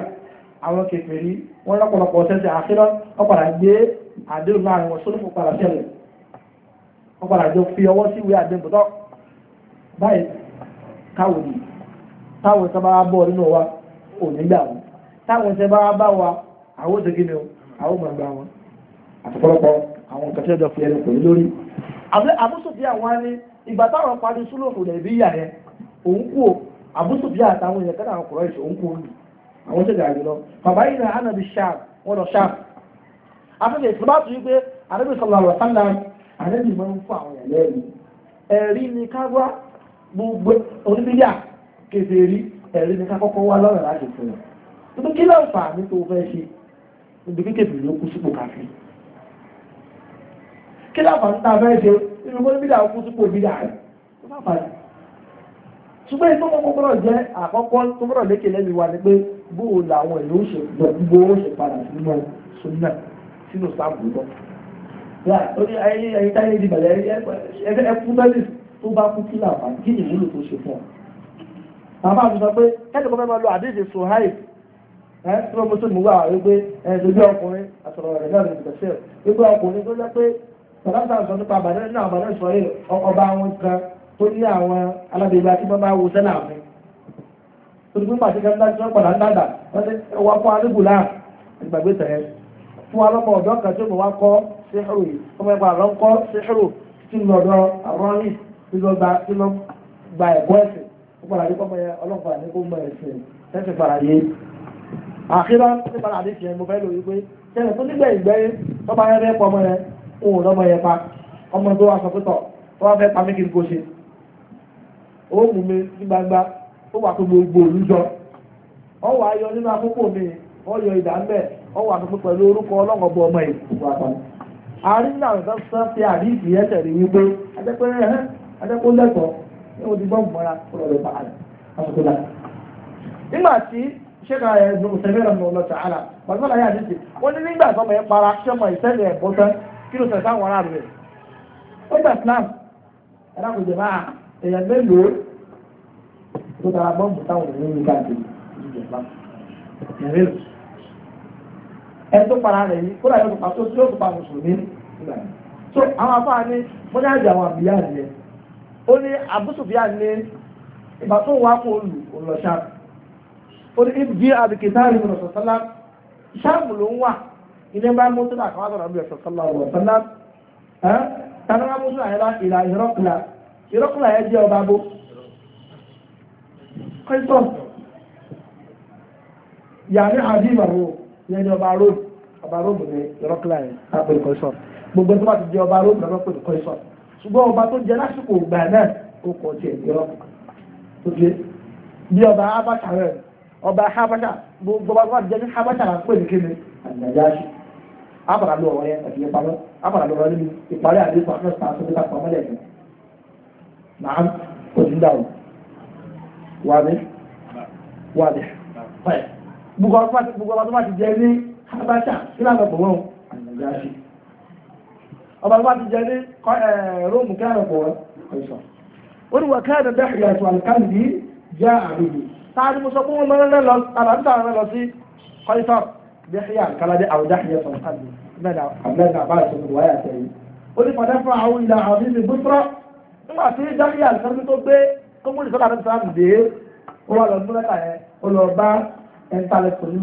àwọn kèfèrí wọ́n lọ́pọ̀lọpọ̀ ọ̀sẹ̀ sí àṣírọ́ wọ́n padà gbé àdéhùn láàrin wọn sólùfò padà ṣẹlẹ̀ wọ́n padà jọ fi ọwọ́ sí ìwé àdéhùn tó báyìí káwọn yìí táwọn ìṣẹ́ bá bọ̀ nínú wa ò nígbà wọn táwọn ìṣẹ́ bá bá wa àwọn òṣè kí ni o àwọn òmò àgbà wọn àtọ̀pọ̀lọpọ̀ àwọn kẹfẹ́ jọ fi ẹnu pẹ̀lú lórí àbúṣòfin àwọn á ní ìgbà táwọn parí súlòkù rẹ̀ bí ìyà rẹ̀ òun kú o àbúsùbíà àtàwọn èèyàn kẹ́ta àwọn kọ̀rọ̀ ìṣò òun kú o lù àwọn tó gàrí lọ bàbá yìí náà ànàbì sharp wọn lọ sharp afẹ́fẹ́ ìtura tó yí pé ànàbì sọ̀rọ̀ àwọn sálà ànàbì máa ń fún àwọn èèyàn lẹ́rìí ẹ̀rí ni ká wá gbogbo oníbíyà kéde rí ẹ̀rí ni ká kọ́kọ́ wá lọ́rọ̀ láti fún wọn kí lóò fà ní tó fẹ́ ṣe ibi kékeré ló kú sípò káfí kí lóò fà ní tá a fẹ́ ṣe nínú kó bídà kú sípò bídà rẹ̀ tó bá fà yìí. ṣùgbọ́n ètò kọ́kọ́ gbọ́dọ̀ jẹ́ àkọ́kọ́ tó gbọ́dọ̀ lékè lẹ́nu wa ni pé bóò làwọn èèyàn ó ṣe gbogbo ó ṣe padà sínú sunna sínú sáàbù lọ. lórí ayé ayé táyé di bàlẹ̀ ẹkú bẹ́lí tó bá kú kí làbà kí ni ìwúlò tó ṣe fún ọ. bàbá mi sọ pé kẹ́lẹ́ kọ́kọ́ máa lo àdéhìí Suhaib ẹ tí wọn mú sí mú wá wípé ẹ ẹ̀ wípé sọ̀rọ̀sọ̀rọ̀ sọ nípa àbàdàn nínú àbàdàn sọ̀rọ̀ ọba àwọn kan tó ní àwọn alábẹ̀gbẹ̀ àti bọ́bá wo sẹ́nà àfẹ́ tó ti fún pàṣẹ kẹta tí wọ́n padà ń dàgbà wọ́n ti wá fún arúgbó láà ìgbàgbé tẹ̀ fún alọ́mọ ọ̀dọ́ kan tí mo wá kọ́ síhìrù yìí ọmọ ẹgbẹ́ àlọ́ ń kọ́ síhìrù tí mo lọ́dọ̀ àrọ́rìn tí mo gba ẹ̀kọ́ ẹ̀sìn ó padà rí pọ́pọ́ yẹn ọlọ́pàá ní kó mọ ẹ̀sìn ẹ̀sìn padà yé nípa àdéhìí mo fẹ́ lò wípé sẹ́yìn tó nígbà ìgbẹ́yé tọ́ba yẹn rẹ́ pọ́ ọmọ yẹn òun lọ́mọ yẹn pa ọmọ tó wà sọ pé tọ̀ fẹ́ pa mí kí n kó ṣe ó mú mi ní gbangba ó wà pé jọ ọ wà yọ nínú mi ọ yọ ìdá ń bẹ ọ wà pé pẹ̀lú orúkọ ọmọ àárín náà sọ fi wípé lẹ́kọ̀ọ́ ní odi bọ́ọ̀mù mọ́ra kúrò àlẹ́ àsìkò nígbà tí ẹ̀ kí ló sọ̀rọ̀ sáwọn aráàlú rẹ̀ ó gbà Islam ẹ̀dàkùn jẹ̀ máa èèyàn mélòó tó tara bọ́ǹbù táwọn èèyàn ní káàkiri ìjẹ̀ Islam mẹ́rẹ́lò ẹ̀ tó para rẹ̀ yìí kódà yóò tó pa tó tó pa mùsùlùmí nígbà yẹn so àwọn afáà ní bọ́dá àjẹ àwọn àbíyá rẹ̀ ó ní àbúsùfíà ní ìgbà tó wà kó lù ọlọ́ṣà ó ní ibi àbíkítà rẹ̀ mọ̀lọ́sọ̀tàlá ṣáàmù ló ń wà idan bayan mun suna kamar da rabu ya sallallahu alaihi wasallam eh kana ma mun suna ila ila irakla irakla ya je ọba bo kai to ya ni azima ro ya ni ọba ro ọba ro mo ni irakla ya abul qaisar gbogbo tó bá ti jẹ ọba ro mo ko qaisar ṣùgbọ́n ọba tó jẹ lásìkò ìgbà náà ó kọ tiẹ̀ irakla tó jẹ bí ọba abata habata gbogbo ọba tó bá ti jẹ habata la pè ní kéde àgbàjá abàrà lọ ọ̀rọ̀ yẹn àti ìpamọ́ abàrà lọ ọ̀rọ̀ níbi ìparí àdéhùn àti ọ̀sán àti ìpamọ́ pamọ́ lẹ́yìn náà kò sí dáhùn wàdí wàdí báyìí gbogbo ọba tó bá ti jẹ ní habasha ìlànà bọ̀wọ́n àyànjáṣe ọba tó bá ti jẹ ní róòmù kílànà bọ̀wọ́n ọ̀sán ó ní wà káàdà dáhùn yàtọ̀ àlùkàndì já àrùbí táà ní mo sọ pé wọ́n lọ́rẹ́ lọ sí kọ́ńtọ́ọ̀ dẹ́hìyà kala dé àwọn dẹ́hìyà sọ̀rọ̀ àbí abúlé náà bá a sọ̀rọ̀ wáyà sẹ́yìn. ó ní padà fún àwọn ìlà àwọn ìlú bùsùrọ̀ nígbà tí dẹ́hìyà sọ̀rọ̀ tó gbé tó mú ìsọ̀rọ̀ àti sọ̀rọ̀ dé ó wà lọ múlẹ́ta yẹn ó lọ bá ẹ̀ńtálẹ̀ pẹ̀lú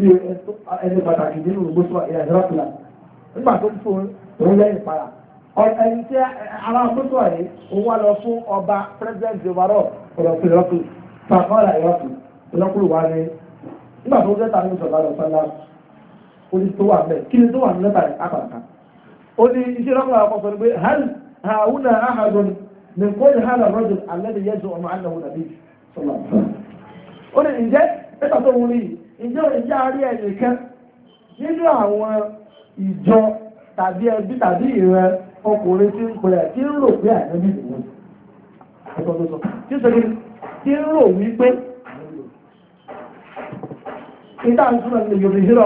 ẹni pàtàkì nínú bùsùrọ̀ ìyà ìrọ̀kùlà nígbà tó fún òun lẹ́yìn para ẹni tí ara bùsùrọ̀ yìí ó wà lọ fún ọba president orí tó wà bẹ́ẹ̀ kí ni tó wà ní lẹ́tà rẹ̀ apàtàkà ó ní iṣẹ́ lọ́kùnrin àwọn ọkọ̀ pé hàn hàwùnà ahàdùn ní kó ní hàn àrọ́jù alẹ́dẹ̀ yẹ́sùn ọmọ àdàwùn àbí kan nínú àwọn ìjọ tàbí ẹbí tàbí ìran ọkùnrin tí ń pẹ̀lẹ̀ tí ń rò pé àìlẹ́bí ìwọ̀n tí ń sọ tí ń rò wípé ìdáhùn súnmọ́ ní yorùbá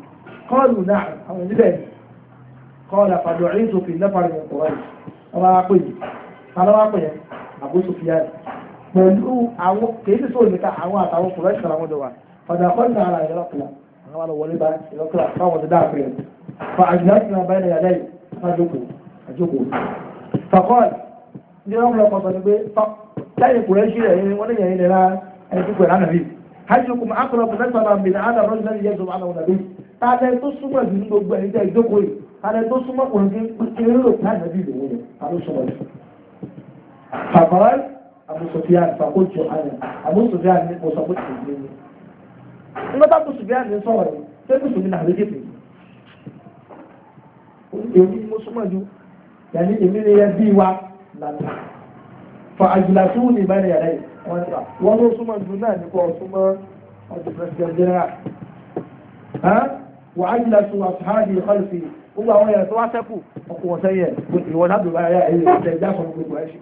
قالوا نعم أو نبالي قال فدعيت في النفر من قريش أنا أقول أنا أبو سفيان pẹ̀lú àwọn kèéfì sóò nìka àwọn àtàwọn kùrẹ́ṣì kan àwọn ọdọ wa fàdà kọ́ni náà ara ìrọ́kìlá àwọn ọ̀rọ̀ wọlé bá ìrọ́kìlá fáwọn ọ̀dọ́ hajjukum akọrọbù nẹsàlá mi náà ádà rọjò lẹ́yìn yẹtù àná ọ̀nà bí tàdé tó súnmọ́ ìdùnnú gbogbo ẹ̀yìn tẹ̀ ìjókòó yìí tàdé tó súnmọ́ kò ní eré lò tá àná bí ìdòwò yẹn àló sọ̀rọ̀ yìí. fàbàrà àbùsùfíà fàkójọ àná àbùsùfíà ní mọ̀sàkó tì í ní. ńgbọ́tà àbùsùfíà ní sọ̀rọ̀ yìí pé mùsùlùmí náà lè kéde. èmi mo súnmọ́ ju yàní èmi ni yẹ bí wa lànà fọ àjùlá fún ìbára yàrá yìí wọ́n ló súnmọ́ jù náà nípa ọ̀túnmọ́ ọ̀túnmọ́sẹ̀gẹ̀dẹ́rà wà á yílá tó àtúhádì ọ̀lùfì gbogbo àwọn èèyàn tó wá sẹ́kù ọkùnrin sẹ́yẹ ìwọ̀n lábì bá yá ẹ̀yẹ ìṣẹ̀ ìjà fún gbogbo ẹ̀rọ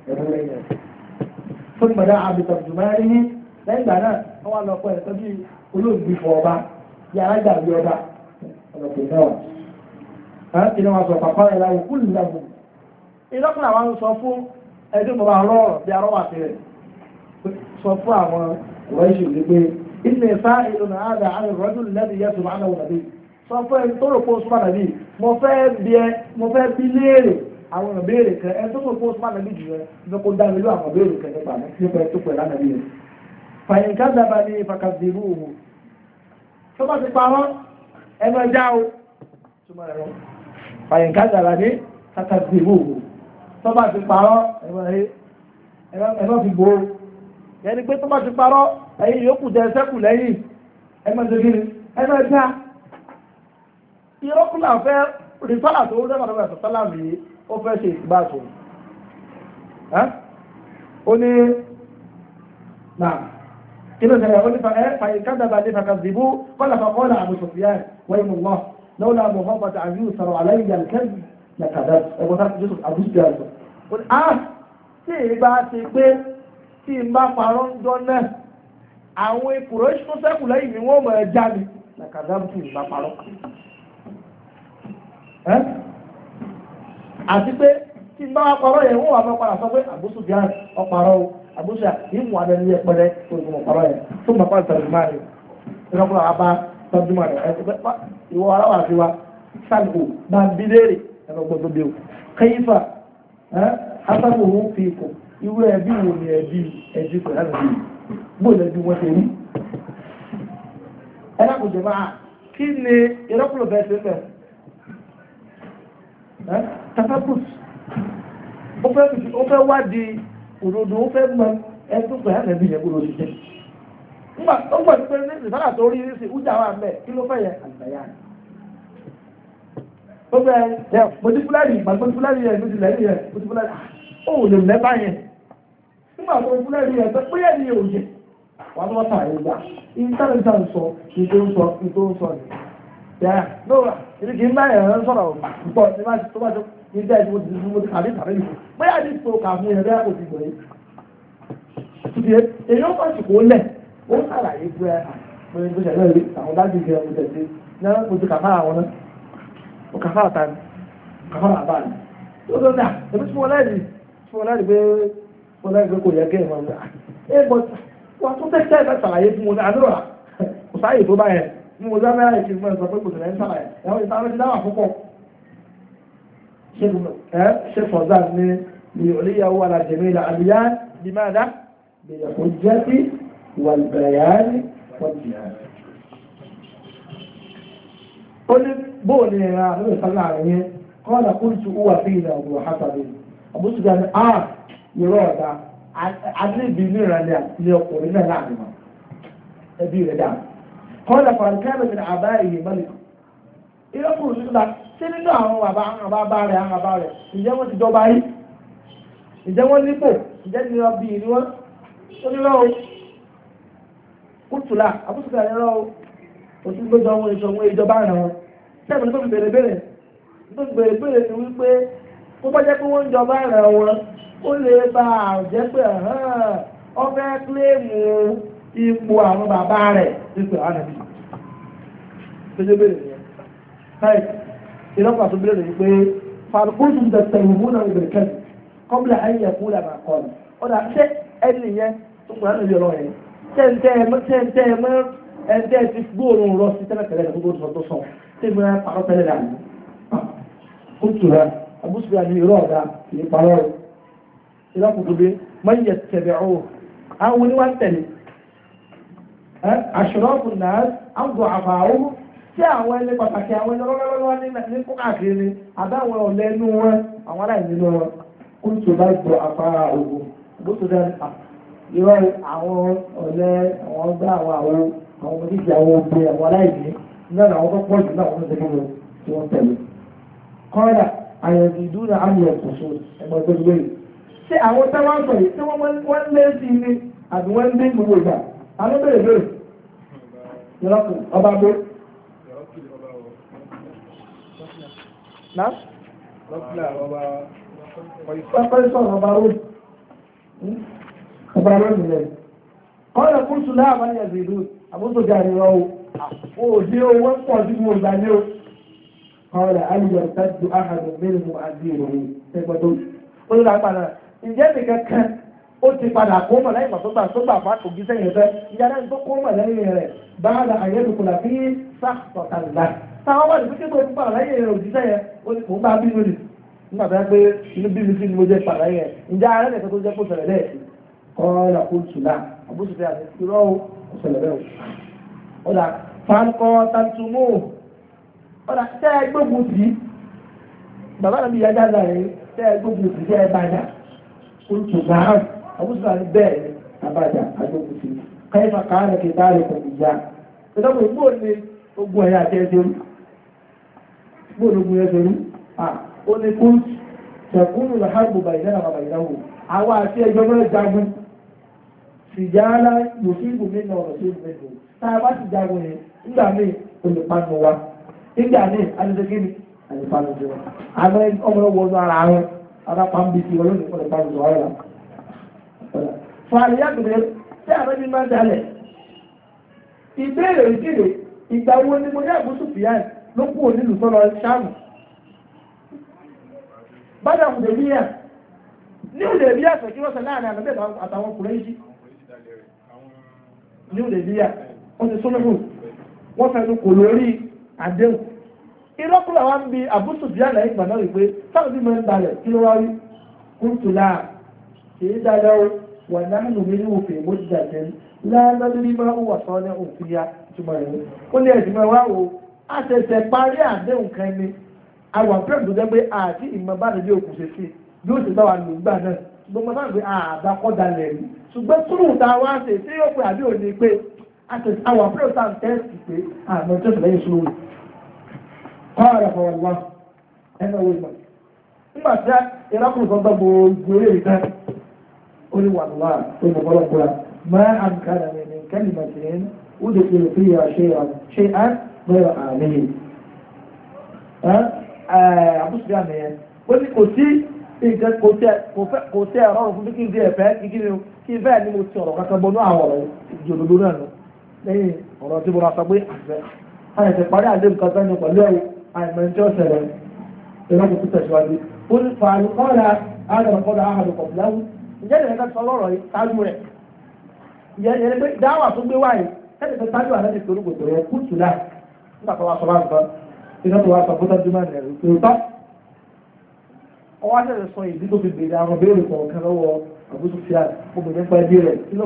ẹ̀yẹ sọ fún àwọn kùrẹ́ṣì wípé ilẹ̀ ìfá ìlú náà àdá àrùn rọ́dún lẹ́bi yẹ́ tó máa ń lọ́wọ́ nàbí sọ fún ẹni tó rò pé oṣù máa nàbí mo fẹ́ bí léèrè àwọn ọ̀nà béèrè kan ẹni tó rò pé oṣù máa nàbí jù ẹ ní kó dá mi lú àwọn béèrè kan nípa mi nípa ẹni tó pẹ̀lú ànàbí rẹ̀. fàyínká dábà ní fàkàdìrú òhù tó bá ti pa wọ́n ẹnu ẹja o fàyínká dábà ní fàkàdìrú òhù tó bá ti pa wọ́n ẹ yẹni pé tó bá ti parọ́ ẹ̀yin yòókù jẹ ẹsẹ́kù lẹ́yìn ẹgbẹ́sẹ̀gìrì ẹgbẹ́sẹ̀ ìrọ́kùnlà fẹ́ rìsọ́là tó rẹ́ bàtà bàtà sọ́là mi ó fẹ́ ṣe ìgbà tó ó ní nà inú ìṣẹ̀lẹ̀ ó ní fa ẹ́ fàyè kádàbà ní fa kàzìbú kọ́là fa kọ́là Abu Sufyan wọ́n inú wọn lọ́wọ́lá àbò hàn bàtà àbí ìsọ̀rọ̀ aláìyá kẹ́lì nà kàdà ẹ̀wọ̀n tá tí n bá parọ́ ń dán náà àwọn ekùrọ̀ èṣù sẹ́kù lẹ́yìn mi wọ́n mọ̀ ẹ́ já mi làkàdá bùkún ìbá parọ́ àti pé tí n bá wá parọ́ yẹn wọ́n wà fẹ́ padà sọ pé àgbóṣù bíi ọparọ́ o àgbóṣù ìmú abẹ́ni yẹ pẹ́rẹ́ tó ń mọ̀ parọ́ yẹn tó mọ̀ pàṣẹ tẹ̀lé rẹ̀ ẹ̀rọ kúrò àbá tọ́jú rẹ̀ ẹ̀sìn pé ìwọ ara wà bá bí léèrè ẹ̀rọ gbọ́dọ̀ bí o kẹ́yìfà hasanu fi kù irú ẹbí wo ni ẹbí ẹjú pẹ̀lú gbọ́dọ̀ bí wọ́n ṣe rí ẹlẹ́kùnjẹ́ máa kí ni ìrọ́pùlù bẹ́ẹ̀ ṣe bẹ̀ tafapus ó fẹ́ wádìí òdodo ó fẹ́ mọ ẹjú pẹ̀lú ẹbí yẹn gbọ́dọ̀ ṣiṣẹ́ nígbà tó pé ní ìsìnkú tó rí ní sí ìwújà wà mẹ́ kí ló fẹ́ yẹ àgbàyà ó bẹ́ẹ̀ mo ti fúlárì ìgbàgbọ́ ti fúlárì yẹn mo ti lẹ́yìn yẹn mo ti fúlárì ó lè lẹ́ báyẹn nígbà tó ń fúnlẹ̀ pé ẹ̀ ní má tó tó ní dẹ́ ìdíwọ́ ti dúró tàbí tàbí ìfò pé àdí tó kà fún yẹn bẹ́ẹ̀ kò ti gbọ̀ yìí. tùtù èyí ó fàṣùkò lẹ̀ ó sàlàyé pé pé bó ṣe lọ́ọ̀rí àwọn dájú ìgbẹ́ ọmọ tẹ̀sí náà mo ti kàfá àwọn náà mo kàfá àtàní kàfá wọ́n láì pé kò yẹ kéèyàn máa gbà ẹ bọ́ wà tó tẹ́ tẹ́ sàlàyé fún mo ní àdúrà kò sáàyè tó báyẹn ní mo dá mẹ́rin kí n mọ̀ sọ pé kò tẹ̀lé ń sàlàyé ẹ̀wọ̀n ìta ló ti dáwà púpọ̀ ṣe fọ̀dà ní ní oníyàwó alájẹmí ilà àlùyá irọ́ ọ̀dà adébí ní ìrànlẹ́ àti ọkùnrin náà láàrin wọn ẹbí rẹ̀ dáa kọ́lá fàlùkẹ́rù ní àbá èyí mọ́lẹ̀ ìrọ́kùnrin nígbà tí nínú àwọn bàbá àwọn bàbá rẹ̀ àwọn bàbá rẹ̀ ìjẹ́ wọ́n ti jọba yìí ìjẹ́ wọ́n nípò ìjẹ́ ti lọ bí i ni wọ́n ó ní lọ́wọ́ kùtùlà àbúṣùkà ní lọ́wọ́ òtún gbẹ́jọ wọn èso wọn ìjọba rẹ̀ wọn tẹ́ẹ̀mù ní tó fi bèrè bèrè tó fi bèrè bèrè ni wípé tó bá jẹ́ pé wọ́n ń jọba rẹ̀ wọn ó lè bá àjẹ́ pé ọ fẹ́ kílèmù ipò àwọn bàbá rẹ̀ nípa ànàbí ṣe bẹ̀rẹ̀ yẹn káì ìlọ́pàá tó bẹ̀rẹ̀ yìí pé fàlùkùsùn tẹ̀tẹ̀ ìwú náà ìbẹ̀rẹ̀ kẹ́lì kọ́bílà ayé ẹ̀kú làbà kọ́ni ọ̀dà ṣé ẹni yẹn tó gbọ́dọ̀ níbi ọ̀rọ̀ yẹn tẹ́ntẹ́ mọ́ ẹ̀ntẹ́ ti gbóòórùn rọ sí tẹ́lẹ̀tẹ́lẹ̀ rẹ̀ gbogbo tó sọ tẹ́gbẹ́ pàrọ̀ tẹ́lẹ̀ ìlọ́pù tó dé mọ́yẹ̀ tẹ̀lé ọ̀ àwọn oníwà tẹ̀lé àṣọ̀rọ̀pù náà àgbọ̀ àbàáwò tí àwọn ẹni pàtàkì àwọn ẹni lọ́wọ́lọ́wọ́ ní kókàkiri ni àbáwọn ọ̀lẹ́ inú wọn àwọn aláìní lọ wọn kó tó bá gbọ́ àfárá ògùn bó tó dá ah, irọ́ àwọn ọ̀lẹ́ àwọn ọgbà àwọn àwọn àwọn oníṣẹ́ àwọn obìnrin àwọn aláìní náà àwọn tó pọ̀ jù náà wọ́n ti kí wọn tí wọ́n tẹ̀lé kọ́ńdà àyẹ̀dì ìdúrà àmì ẹ̀kọ́ sóòtù ẹgbẹ́ tó lóyè ṣé àwọn tẹ́ wá sọ yìí tí wọ́n lé sí ni àbí wọ́n lé gbogbo ìgbà àwọn bèrè bèrè yọlọ́pù ọba gbé. Pẹ́pẹ́sọ̀ ọba rú. Ọba rú nìyẹn. Ọ̀rẹ́ kúrúsù náà wọ́n yẹ̀ zìlú, àbúrò jàre rọ o. Àpò òdí owó pọ̀ sí mo gbà ní o. Ọ̀rẹ́ alìyẹ̀ tẹ́jú àhàdùn mílíọ̀nù àdìrò ẹgbẹ́ tó. Ó lọ́la padà. ǹjẹ́ nìkan kan ó ti padà kó mọ̀ lẹ́yìn ìgbàsọ́gbà sọ́gbà fún àkògí sẹ́yìn rẹ̀ ìyá náà tó kó mọ̀ lẹ́yìn rẹ̀ báyà àyẹ̀dùkùnà bí sàtọ̀tàlá táwọn wà nípa kíkó ìfúnpá lẹ́yìn rẹ̀ òjíṣẹ́ yẹn ó bá ni nígbà tó yẹ pé inú sí ni mo jẹ́ padà yẹn ǹjẹ́ tó jẹ́ kó kó tù náà àbúṣe fẹ́ àti o. قلت نعم أبو سعد الدائري أبدا أدوك فيه كيف قال في ذلك الإجابة فدام يقول لي أبوه يا تيزم يقول أبوه يا تيزم ó ní kú tẹ̀kúrù lọ́hàgbò bàìlẹ́nà bàbà ìdáwò àwọn àti ẹjọ́ arápámbìtì olóògbé fún ẹ̀ka ìlú ọ̀yà fààyè àgbèrè tí àwọn ẹni máa ń dalẹ̀ ìbéèrè ìkéde ìgbà wo ni mo ní àbúṣù fìyàn ló kú òní lù sọ́lọ ṣáàmù bádà kò lè rí yà ní ò lè rí yà sọ̀kí wọ́n sọ láàrin àlọ́bẹ̀ àtàwọn ọkùnrin yìí ní ò lè rí yà wọ́n ti sọ́lọ́gùn wọ́n fẹ́ lu kò lórí àdéhùn irọ́kùnrin àwọn bíi àbúṣù bíi àlàyé ìgbà náà wípé táwọn bí mo ń balẹ̀ kí ló wá rí kúntù náà kì í dáadáa o wà náà nù mí ní òfin mo ti dà jẹ́ lálọ́dúnrí máa ń wà sọ́ ní òfin ya túmọ̀ rẹ̀ ó ní ẹ̀sìn máa wá o a ṣẹ̀ṣẹ̀ parí àdéhùn kan ni àwọn àpẹẹrẹ tó jẹ́ pé àti ìmọ̀ bá lè dé òkú ṣe sí bí ó ṣe bá wà lò ń náà gbogbo sáà pé àbá kọ́dà rí ṣùgbọ́n túrùn tá a wá ṣe ṣé yóò pé àbí òní pé àwọn àpẹẹrẹ tó ń tẹ́sì pé àmọ́ tó ṣẹlẹ̀ yìí قال فوالله أنا ولد nígbà tí ìrákùn sọ gbogbo ìgbèrè ìta oníwàlúwà tó mọ̀ fọ́lọ́pùra máa àǹkàrà nínú kẹ́lìmọ̀tìrín ó dè kìrò fi yà ṣe à bẹ̀rẹ̀ àmìyàn àbúṣe àmìyàn ó ní kò sí nǹkan kò sí ẹ̀rọ ọ̀rọ̀ fún bí kí n di ẹ̀fẹ́ kí kí ni kí bẹ́ẹ̀ ni mo ti ọ̀rọ̀ kankan bọnú àwọn ọ̀rọ̀ ìjòdòdó náà lọ lẹ́yìn ọ̀rọ̀ tí mo ra sọ pé àṣẹ àṣẹ parí àdéhùn kan sẹ́yìn pẹ̀lú ẹ̀rọ àìmọ̀jọ́ sẹ̀rẹ̀ ìwọ́n tó tẹ̀síwájú ó ní fàánù kọ́ra àdàkọ́ra àhàlù kọ̀ọ̀láwù ìjẹ́ ìrẹ́ ká sọ lọ́rọ̀ yìí tájú rẹ̀ ìyẹn pé dáwà tó gbé wáyé ẹni tó tájú àná ti torí gbòdò rẹ̀ kùtù náà nígbà tó wá sọ láǹfà iná tó wá sọ fún tọ́jú máa nẹ̀rù tó tọ́ ọwọ́ àtẹ̀rẹ̀ sọ ìdí tó fi béèrè àwọn béèrè kọ̀ọ̀kan lọ́wọ́ àbúrò fíà obìnrin pẹ́ bí rẹ̀ kí ló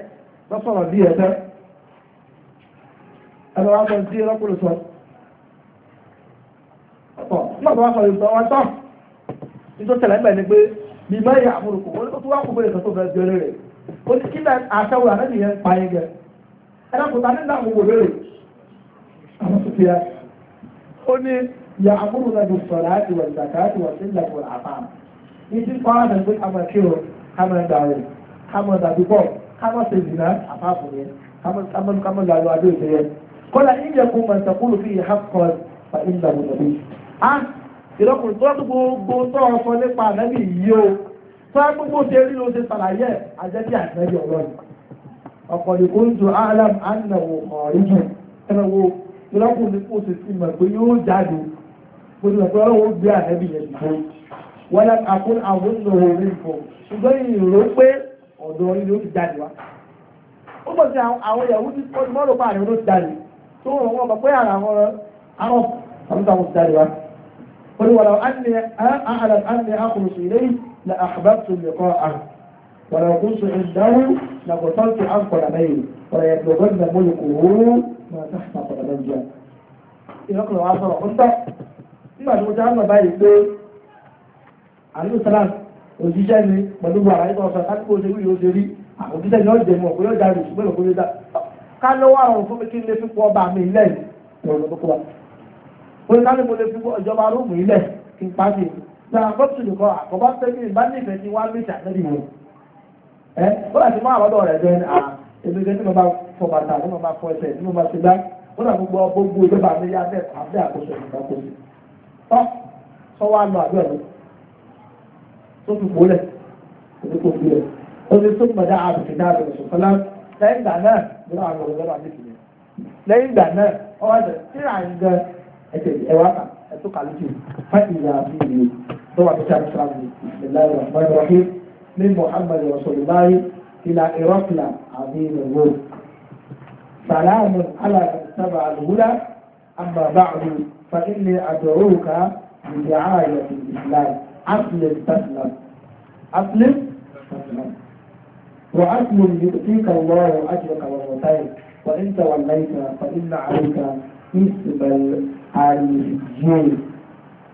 lọ́sọ̀rọ̀ bí ẹ̀fẹ́ ẹ̀rọ wa lọ sí ẹlọ́kùnrin sọ ọ̀pọ̀ nígbà tó wá sọ ìgbà wa tán nítorí tẹ̀lé ń bẹ̀ ni pé mi máa yà àmúrùkù ó tún wá kó bẹ̀rẹ̀ kan tó fẹ́ bẹ̀rẹ̀ rẹ̀ ó ní kílẹ̀ àṣẹwò àlẹ́bí yẹn pa yín gẹ ẹlẹ́kùnrin tani náà gbogbo bẹ̀rẹ̀ àwọn tó fi ya ó ní yà àmúrùkù náà ti sọ̀rọ̀ àti wà ìgbà káàkiri wà sí ìlà ìwà àpá kámọ́ ṣe jìnnà àpapọ̀ yẹn kámọ́ kámọ́ lọ àlọ́ àdéhùn yẹn kọ́lá ìyẹn kún mọ̀ ṣàkóló fi ìhà kan fa ìlà òdòdó. a ìlọkùnrin tó tó gbogbo tó ọ̀fọ́ nípa ànábì yìí o tó a gbogbo ṣe rí ló ṣe ṣàlàyé àjẹbí ànábì ọ̀rọ̀ ni. ọ̀pọ̀lì kò ń ju alam anáwó ọ̀ríjù ẹ̀rọ ìlọkùnrin kò sì ti mọ̀ pé yóò jáde gbogbo ẹ̀kọ́ ọ̀rọ̀ ó gbé ànábì yẹn dùn. wọ́n lọ àkún àwọn ìlú òun ní ìfọ̀ ṣùgbọ́n ìrò pé ọ̀dọ̀ orí ló ti jáde wá ó mọ̀ sí àwọn ìyàwó tí ó ti mọ́rọ̀ báàrin ló ti jáde tó rọ̀ wọ́n mọ̀ pé ara àwọn arọ̀ àwọn táwọn ti jáde wá ó ní wàlọ́ àlẹ́ àlẹ́ àkùnrin sí ilé ní àkàbàtù lẹ́kọ́ àrùn wàlọ́ kún sí ìdáhùn làkọ̀tọ́ọ̀tì àkọ̀lá lẹ́yìn wàlọ́ yẹ̀dọ̀gbọ́n nà mọ́lùkù òórùn máa tàkà àkọ̀lá lẹ́yìn ìrọ́kùnrin wa sọ̀rọ̀ ó ń tọ́ nígbà tí mo ti á ń òjíṣẹ́ ni pẹ̀lú wàrà ìtọ̀ ọ̀sán ká kó ṣe wí yóò ṣe rí òjíṣẹ́ ni ọ̀jẹ̀ mọ̀ kó yóò darí ṣùgbọ́n kó yóò dá ká ló wà rọrùn fún mi kí n lè fi pọ̀ ọba mi ilẹ̀ ìrọ̀lọ́ tó kọ́ wa ó ní ká ní mo lè fi pọ̀ ìjọba rúùmù ilẹ̀ kí n pa sí i náà gọ́ọ̀tù nìkan àkọ́bá tẹ́lẹ̀ ìbá nífẹ̀ẹ́ ti wá méjì àtẹ́lẹ̀ ìwò ẹ́ ó láti máa lọ́dọ̀ rẹ̀ jẹ́ à ebèké tí mo bá fọ bàtà tí mo sọ wá lọ àbí ọ̀dọ́ tó fi kó lẹ̀ tó kó fi lẹ̀ ó ní tó mọ̀ dáa àbùkù náà lọ sọ fọlá lẹ́yìn ìgbà náà ló rà lọ́wọ́ lọ́wọ́ àbí kìíní lẹ́yìn ìgbà náà ọ wá sọ tí ra ń gan ẹsẹ̀ ẹwà kà ẹtú kàlùkì fáìlì ìyá àbí ìlú tó wà tó ṣe àbúṣe àbí ìlànà ìrọ̀mọ́ ìrọ̀hìn ní إلى إرقل عظيم الروم سلام على تبع الهدى أما بعد فإني أدعوك بدعاية الإسلام عقل تسلم عقل تسلم وعقل يؤتيك الله أجرك ومتعك وإن توليت فإن عليك اسم الحريفيين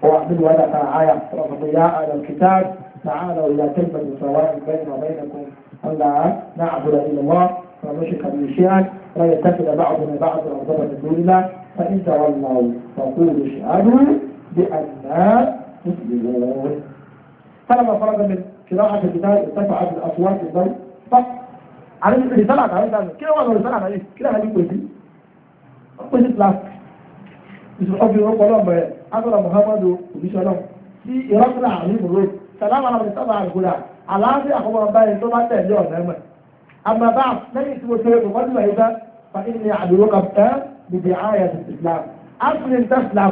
وأحمل ولك آية وأخطياء على الكتاب تعالوا إلى كلمة سواء بيننا وبينكم ألا نعبد إلا الله ونشرك به شيئا لا ويتخذ بعضنا بعض أربابا من دون الله فإن تولوا فقولوا اشهدوا بأننا مسلمون فلما فرغ من قراءة الكتاب ارتفع بالأصوات الضوء فقط عليه رسالة عليه كده وضع رسالة عليه كده هجيب كويسين كويسين بلاك ìṣòkòbí orúkọ ọlọ́mọ̀ẹ́ agbára muhammadu òbíṣẹ́ ọlọ́mù sí ìrọ́pìnà àlímù ró sàlámà àwọn ìsábà àgbòrà àlàáfíà àkọ́kọ́ báyìí tó bá tẹ̀lé ọ̀nà ẹ̀mọ̀ àmà bá lẹ́yìn tí mo ṣe ọkọ̀ nígbà yìí bá fa ìní àdúrókà ẹ́ bìbì ààyè islam áfíríkà islam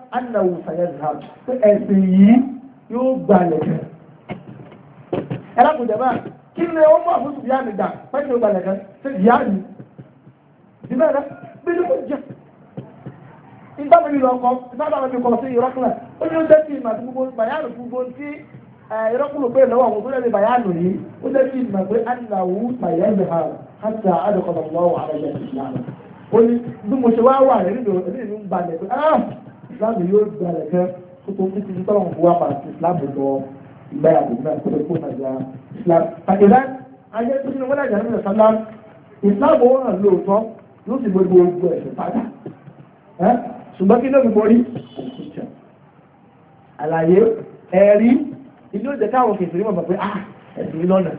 anáwó fayazhab pé ẹ̀sìn yìí yóò gbalẹ̀ kẹ́ ẹlẹ́kùnjẹ́ báà kí ni ó mú àfúnṣù bíi àmì dà pẹ́ẹ́sì yóò gbalẹ̀ kẹ́ ṣe ìyá mi ìdíbẹ̀ rẹ bí ló jẹ́ nígbà mi lọ kọ nígbà mi kọ sí ìrọ́kùnlẹ̀ ó ní ó jẹ́ kí ìmọ̀ àti gbogbo bàyáàrù gbogbo tí ìrọ́kùnlẹ̀ pé lọ́wọ́ àwọn òṣèlú bàyáàrù yìí ó jẹ́ kí ìmọ̀ pé anáwó fayazhab hàtà àdùkọ̀dọ̀ lọ́wọ́ àwọn ẹ̀yẹ ìlànà ó ní bí mo ṣe wá wà nínú ìlú ń balẹ̀ pé ah, islam yóò gba ẹ̀kẹ́ tó tó títí tí tọ́lọ̀ ń bu apá àti islam lọ ìgbára kò náà kókó kó nàìjà islam. àdìrá ayé tó ní wọ́n àjà ìsàlá islam ó hàn lóòótọ́ ló sì gbogbo ogun ẹ̀sìn padà ṣùgbọ́n kí ló fi borí òkú jẹ àlàyé ẹ̀rí ilé oúnjẹ káwọn kìí fèrè mọ̀ pé ah ẹ̀sìn lọ́nà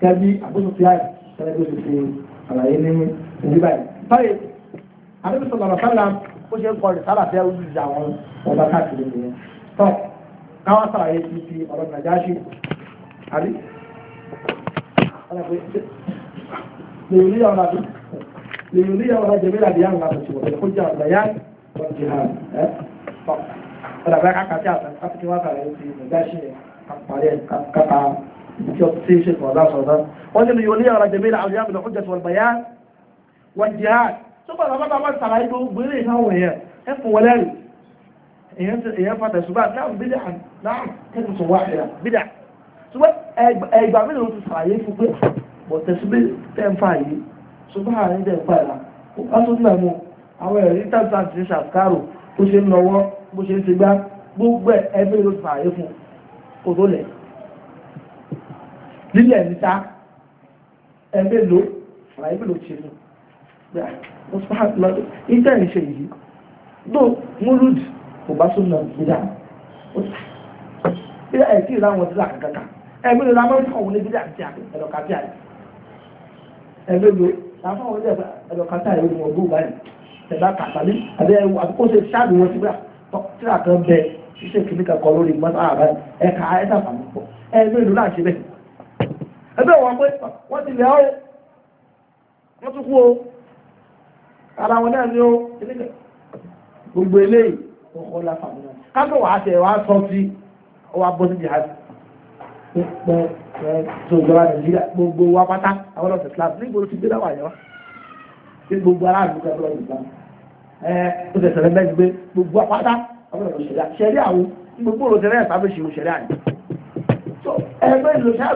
gẹ́gẹ́ àbúrò fi àyè tẹ́lẹ̀ tó ti fi àlàyé ní ìdíbàyè. báyìí àdébísọ̀ lọ́rọ̀ ó ṣe ń kọ ìsára fẹ́ ojú ìjà àwọn ọba káàkiri nìyẹn tọ́ káwọn sàlàyé ti fi ọ̀rọ̀ Nàjáṣì àbí lèyìnlíyà ọ̀rọ̀ àbí lèyìnlíyà ọ̀rọ̀ jẹ̀mí làbí yà ń lọ sí wọ̀lẹ̀ kọjá àgbàyà wọ́n ti hàn ẹ́ tọ́ ọ̀dà bá kàkà sí àtàkà kí wọ́n sàlàyé ti Nàjáṣì àpàrẹ kàkà ìjọ tí ó ṣe tó bá lábá bá tàrà ipò gbélé ìhàwọ̀ èèyàn ẹ fún wọlé rí èèyàn fàtà ṣùgbọ́n náà bídà náà kẹ́kọ̀ọ́ sọ wá ẹ̀yà bídà ṣùgbọ́n ẹgbà mélòó ló ti sàlàyé fún pé bọ̀ tẹ̀síbí tẹ̀ ń fà yìí ṣùgbọ́n àárín tẹ̀ ń fà yà tó nílẹ̀ mu àwọn ẹ̀rí tàbí ti ṣàkárò bó ṣe ń lọ́wọ́ bó ṣe ń ti gbá gbogbo ẹgbẹ́ ló ti sàlàyé fún kò tó lẹ̀ fún mustahilatu ìtẹ́ ìṣe yìí tó múlùd kò bá súnà bídà bídà ẹ̀ tí ìlànà wọn ti là kàkàkà ẹ̀mí ló lámọ́ fún òun ní bídà àti ẹ̀lọ́kàtì àyè ẹ̀mí ló láfọ́ òun ní ẹ̀lọ́kàtì àyè òun ọgbó báyìí ẹ̀dá kàtàlí àbí ẹ̀wù àkókò ṣe ṣáàbì wọn ti gbà tíra kan bẹ ṣíṣe kìíní kankan lórí mọ́tà àbá ẹ̀ka ẹ̀dá fàmì pọ̀ ẹ̀mí ló láà ṣe bẹ́ẹ̀ ẹgbẹ́ wọn pé wọ́n ti ara wọn náà ni ó gbogbo eléyìí ọkọ̀ láfà nínú kákọ̀ wàá tẹ̀ wàá sọ sí ọwọ́ bọ́ sí jihadi pẹ́ pẹ́ tó ìjọba nàìjíríà gbogbo wa pátá àwọn ọ̀sẹ̀ islam nígboro ti gbé láwàá yẹn wá gbogbo aráàlú kẹ́kọ̀ọ́ islam ẹ ó tẹ̀sẹ̀ rẹ bẹ́ẹ̀ gbé gbogbo apáta àwọn ọ̀sẹ̀ ṣẹlẹ̀ ṣẹlẹ̀ àwọn gbogbo olùsẹ̀rẹ̀ ẹ̀ta bẹ́ẹ̀ ṣe òṣèré àná ẹgbẹ́ ìlòṣẹ́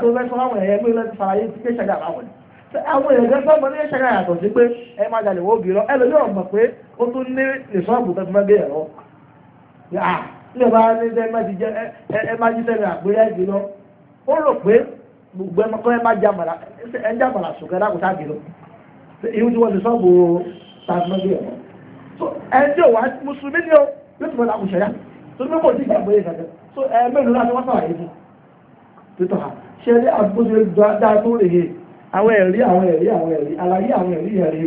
àwọn ẹ̀yẹ́ àwọn èèyàn tó mọ ní ṣẹ́ka yàtọ̀ sí pé ẹ máa jalè wọ́n bìí lọ ẹ lóyún ọ̀gbọ̀n pé ó tún ní ìṣọ́ọ̀bù tó ti máa gbé ẹ̀rọ ilé bá ní ṣe ẹ máa jí sẹ́nu àgbéyà ìgbé lọ ó rò pé gbogbo ẹmọ kan ẹ máa jàmàlà ẹ ń jàmàlà sùkẹ́ lákòókò àgbé lọ ìhun tí wọ́n ti ṣọ́ọ̀bù tó ti máa gbé ẹ̀rọ so ẹ ń jẹ́ wàá mùsùlùmí ni ó yóò ti mọ̀ lákòókò ṣẹ̀yà tó ní mọ̀ àwọn ẹ̀rí àwọn ẹ̀rí àwọn ẹ̀rí àlàyé àwọn ẹ̀rí ẹ̀rí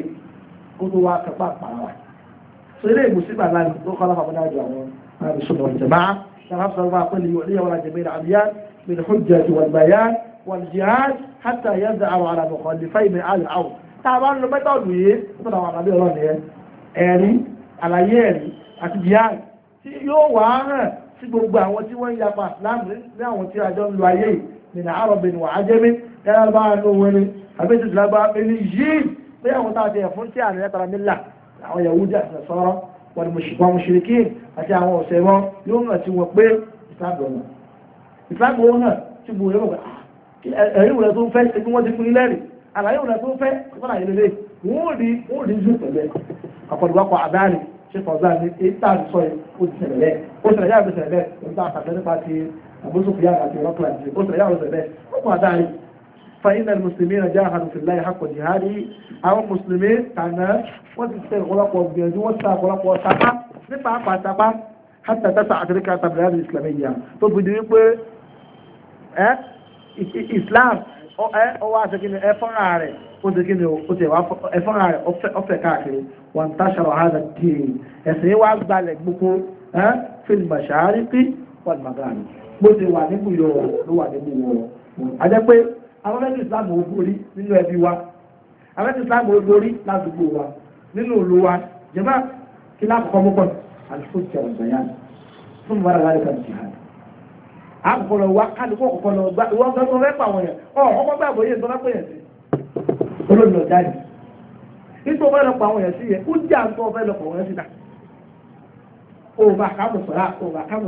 kó tó wá kápá pàrà so ilé ìgbòsí bàbá mi tó kọ́ láfàbọ́dá àjọ àwọn àbí sọ̀rọ̀ ìjọba ṣàrà sọ̀rọ̀ bá pẹ́lú ìwọ̀n ìyàwó àjẹ bẹ́ẹ̀ àbíyá min hujjati wal bayan jihad hatta yadda àwọn gbogbo àwọn tí wọ́n ń yapa láàmú àwọn tí àjọ ń lo ayé yìí nínú àrọ̀bìnrin lárúbá àánú wọn ni àbẹ́sẹ̀ lárúbá ẹni yìí pé àwọn tá a ti ẹ̀fún tí àná yàtọ̀ mílà àwọn Yahudi àti sọ́rọ́ wọn mùsùlùmọ́ mùsùlùkì àti àwọn ọ̀sẹ̀ wọn yóò hàn tí wọ́n pé ìsàgbọ̀nà ìsàgbọ̀n náà tí mo rẹ̀ wọ̀ ẹ̀rí wọ̀lẹ̀ tó ń fẹ́ ẹbí wọ́n ti fún ilé rẹ̀ àlàyé wọ̀lẹ̀ tó ń fẹ́ ọ̀sán àyè lélẹ̀ wọ́n rí wọ́n rí zú pẹ̀lẹ́ àkọlùwákọ̀ àdáàlì ṣe fọ̀ọ́sán ní ètà àdìsọ́ yìí ó ti ṣẹlẹ̀ bẹ́ẹ̀ ó ṣẹlẹ̀ yára ti ṣẹlẹ̀ bẹ́ẹ̀ ó ti ṣàkàtẹ́ nípa ti àbúrò sókè yára àti ìrọ́pìlà ti ó ṣẹlẹ̀ yára ti ṣẹlẹ̀ bẹ́ẹ̀ ó kún àdáàlì فإن المسلمين جاهدوا في الله حق جهاده àwọn mùsùlùmí tànà wọ́n ti ṣe ọ̀pọ̀lọpọ̀ gbìyànjú wọ́n ṣe ọ̀pọ̀lọpọ̀ sápá nípa àpàtàpá hàtà tẹ́sà àtìríkà tàbílẹ̀ ìsìlámẹ́yà tó bìdì wípé ẹ́ islam ọwọ́ àṣekínni ẹ̀fọ́nra rẹ̀ ó ti kíni ó ti wá ẹ̀fọ́nra rẹ̀ ọ̀fẹ́ káàkiri wọn táṣàrọ̀ hàdà tíì ẹ̀sìn wá gbalẹ̀ gbogbo ẹ́ fílmù màṣáárì pí wọ́n ti màgàrí bó ti wà níbùyọ̀ ló wà níbùyọ̀ àjẹpẹ́ àwọn mẹ́tì islam ò borí nínú ẹbí wa àwọn mẹ́tì islam ò borí ládùúgbò wa nínú ìlú wa jẹ́mà kí lákòókò mú pọ̀n àlùfóòtì ọ̀gbẹ̀yà fún mọ́ra wa lẹ́kọ̀ọ́ jihad àkọ́kọ́ wa kálukú ọ̀kọ́kọ́ lọ gbá ìwọ́n gbá tó fẹ́ pa àwọn yẹn ọ̀ ọkọ́ gbàgbọ́ yẹn tó fẹ́ pè yẹn sí olóòlù ọ̀dá yìí nítorí ọ̀fẹ́ lọ́pọ̀ àwọn yẹn sí yẹn ó jẹ́ àtọ́ ọ̀fẹ́ lọ́pọ̀ àwọn yẹn sí òbá kámù sọ̀rá òbá kámù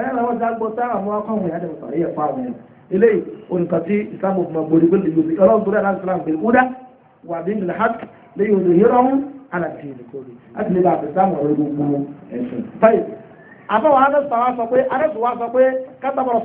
ẹ̀rọ àwọn sáàgbọ́ sáà mú akọ́wọ̀n ìyá dẹ̀mọ̀tà yẹ fún àwọn ẹ̀rọ eléyìí onìkan tí ìsìlámù fún ọgbọ̀n ìgbẹ́ lè yọbi ọlọ́run tó dára ìsìlámù pé kúdà wà bí nílẹ̀ hàk lè yọ òdòyìnrọ̀ ọ̀hún alàtì ìdíkòrè láti lè bá àfẹ́sàmù ọ̀rọ̀ gbogbo ẹ̀sìn. báyìí àbáwọ̀ adásùwà sọ pé adásùwà sọ pé kátàbọ̀rọ̀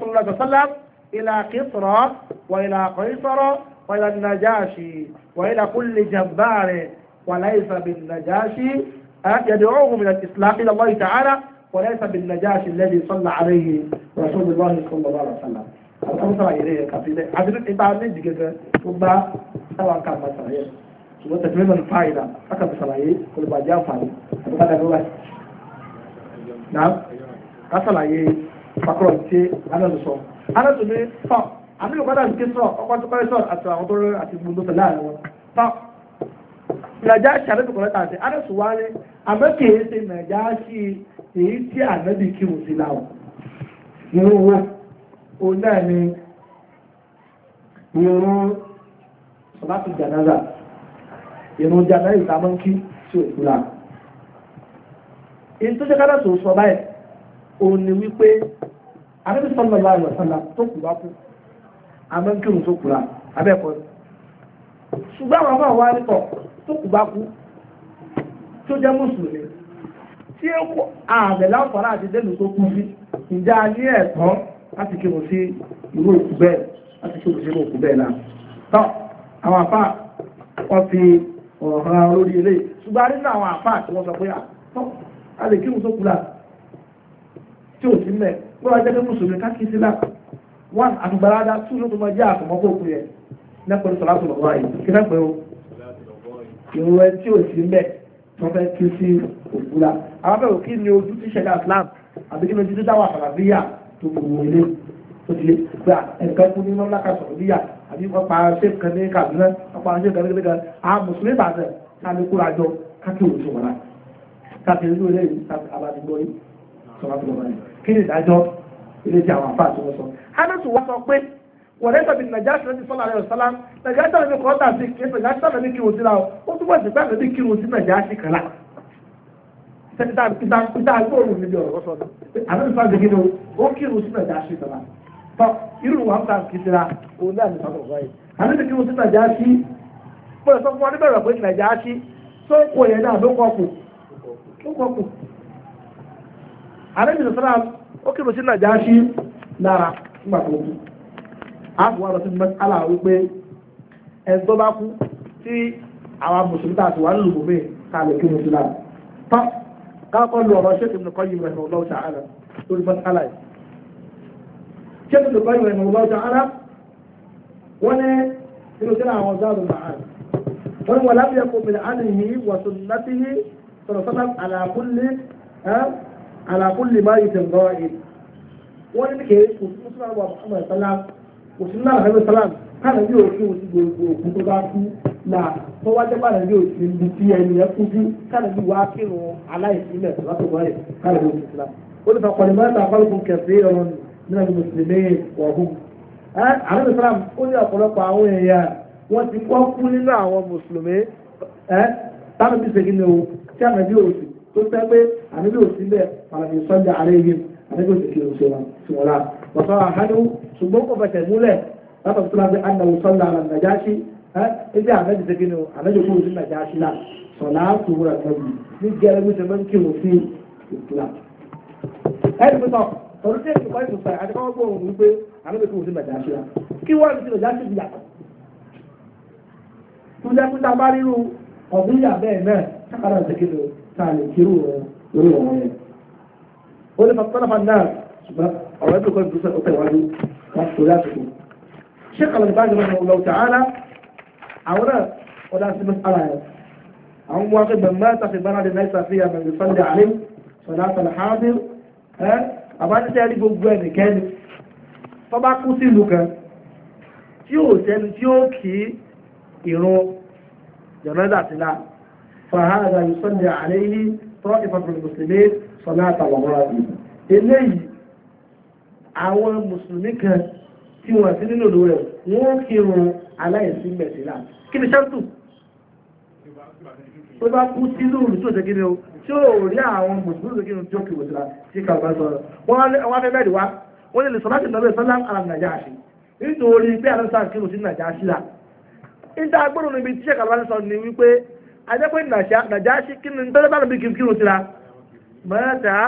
sọlọ́lá sọlá وليس بالنجاش الذي صلى عليه رسول الله صلى الله عليه وسلم الأمثلة إليه كثيرة حضرت إبعاد ليس كذا وبا سواء كان مسرائيل ثم تتميم الفائدة فقط مسرائيل كل ما جاء فائدة هذا هو نعم مسرائيل فقرأ تي أنا نصر أنا تبي فا أنا لو بدأ كسر أو كنت بدأ كسر أتلا أطول أتبون دوت لا لا فا نجاش شرط كل تاسع أنا سؤالي أما كيسي نجاشي èyí tí ànábì kírù sí láwọ̀ ìrúwó o náà ni ìrún sọ̀láàtì jànáza ìrún jànáza ìtàmọ́nkí sí òkú la èyí tó jẹ́ kára tó sọ báyìí òun ni wípé ànábì sọ́nà bá rẹ̀ sọ́nà tó kù bá kú àmọ́nkírù tó kù la abẹ́ẹ̀kọ́ ṣùgbọ́n àwọn àwọn àwọn àríkọ̀ tó kù bá kú tó jẹ́ mùsùlùmí tí ó kò ààrẹ láǹfààní àti dẹ́nu tó kú sí ìjà ní ẹ̀tọ́ láti kí mo sí irú òkú bẹ́ẹ̀ láti kí o sí irú òkú bẹ́ẹ̀ náà tọ́ àwọn àfà wọ́n fi ọ̀ràn lórí ilé ṣùgbọ́n nínú àwọn àfà tí wọ́n sọ pé àtọ́ a lè kí mo tó kú là tí ò sí mẹ́ wọ́n wá jẹ́ pé mùsùlùmí ká kí sí là one àtùgbàládá two ló tó máa jẹ́ àtùmọ́kò òkú yẹn nẹ́pẹ̀lú sọ̀rọ̀ àtùmọ̀ wọ́n fẹ́ kí sí òkúra àwọn bẹ́ẹ̀ òkí ni ojú tí ṣẹlẹ̀ Islam àbí kí ni ojú tí dáwà àlàbíyà tó kò wọ ilé tó ti lè gba ẹ̀ka kú ní mọ́lá kan sọ̀rọ̀ bíyà àbí wọ́n pa ṣéèkì kan ní Kaduna wọ́n pa ṣéèkì kan ní Kaduna àwọn mùsùlùmí bàtẹ̀ káàdé kúra jọ káàkiri òtún wọn káàkiri ojú ilé yìí káàkiri abadigbọ yìí sọ wọ̀lẹ́sà bíi nàìjíríà sọ̀rọ̀ sọ́lá rẹ̀ sọ́lá nàìjíríà sọ̀rọ̀ bíi kọ́ńtà sí kí nàìjíríà sọ̀rọ̀ bíi kírun síra ó túbọ̀ sí pé àbẹ̀bí kírun sí nàìjíríà sí kàlá. sẹ́ńtà pítà gbóòrùn níbi ọ̀rọ̀ sọ́dọ̀ àbẹ̀bí sọ́dọ̀ bíi kírun ó kírun sí nàìjíríà sí kàlá. tọ́ irú wa ń ta kìsìra òun náà ní sọ́dọ̀ báyìí àbẹ̀bí kírun sí nàìjíríà sí bọ́lá sọ fún wa níbẹ̀rẹ̀ pé nàìjíríà sí tó ń kó yẹn náà ló kọ́kù ló ó kírun kù àbúwá lọ sí mẹ́sàlá wípé ẹni tó bá kú tí àwọn mùsùlùmí tá a ti wà ní lùbùmí ká lè kí mùsùlùmí tán káàkọ́ lu ọ̀rọ̀ ṣéèkì nìkan yìí rẹ̀ lọ́wọ́ sàárà lórí mẹ́sàlá yìí ṣéèkì nìkan wọ́n ní inú sílẹ̀ àwọn záàlù màá láti yìí sọ̀rọ̀ àlàkùnlé máa yìí tẹ̀ ẹ̀ wọ́n ní kèé kò fún sílẹ̀ àwọn àmọ̀ ìsọ́lá òṣìlá àfẹ́fẹ́ sálàmù káàdà bí òṣì òṣì gbogbo òkú tó bá kú là tó wájẹ́ káàdà bí òṣì ibi tí ẹni ẹ kú sí káàdà bí wàá kírun aláìsílẹ̀ tó bá tó bá rẹ̀ káàdà bí òṣì sílá ó ní sàkọ́ni mẹ́ta akọ́lùkùn kẹfẹ́ ọ̀run nínú ẹni mùsùlùmí ọ̀hún. àlejò sálàmù ó ní ọ̀pọ̀lọpọ̀ àwọn èèyàn wọ́n ti kọ́ kú nínú àwọn mùsùlùmí táwọn ti ṣègì ní o tí àmì ṣùgbọ́n kò fẹsẹ̀ múlẹ̀ látọ̀ tó láti anáwó sọ́lá ara nàjáṣí ẹgbẹ́ àmẹ́jì ha ni àmẹ́jì kúrò sí nàjáṣí náà sọ̀lá tó wúra tẹ́bi ní gẹ́rẹ́ bí sẹ́mẹ́ ń kí wò sí ìtura. ẹni pé tọ́ ọdún tí èkó kọ́ ìtùsọ̀ àti kọ́ gbọ́ òun wípé àmẹ́jì kúrò sí nàjáṣí náà kí wọ́n ti nàjáṣí ti مفعولاتكم الشيخ الألباني رحمه الله تعالى عورا ولا في مسألة عن واقع من مات في بلد ليس فيها من يصلي عليه صلاة الحاضر ها أبعد تاني بوجوه كان tọ́ba kú sí ìlú kan tí ó sẹ́ni tí ó kí ìrun jọ̀nọ́dà sílá fàhádà yusalli alayhi tọ́ ìfọ̀tún mùsùlùmí sọ̀lá àtàwọn ọmọ rẹ̀ eléyìí àwọn musulmi kan tí wọ́n sí nínú òdò rẹ̀ wọ́n kírun aláìsí mẹ̀sílá kí ni ṣáàtù tó bá kú sí lóòrùn tó ṣe kíni o tí ó rí àwọn mùsùlùmí tó kíni tó kì wòsílá tí kà bá sọ̀rọ̀ wọ́n wá fẹ́ bẹ́ẹ̀ wá wọ́n lè lè sọ lọ́wọ́ ìsọ́lá ara nàìjáàṣì nítorí pé àlọ́sà kírun sí nàìjáàṣì là níta níbi tí sọ ni wípé ajẹ́pẹ́ kí la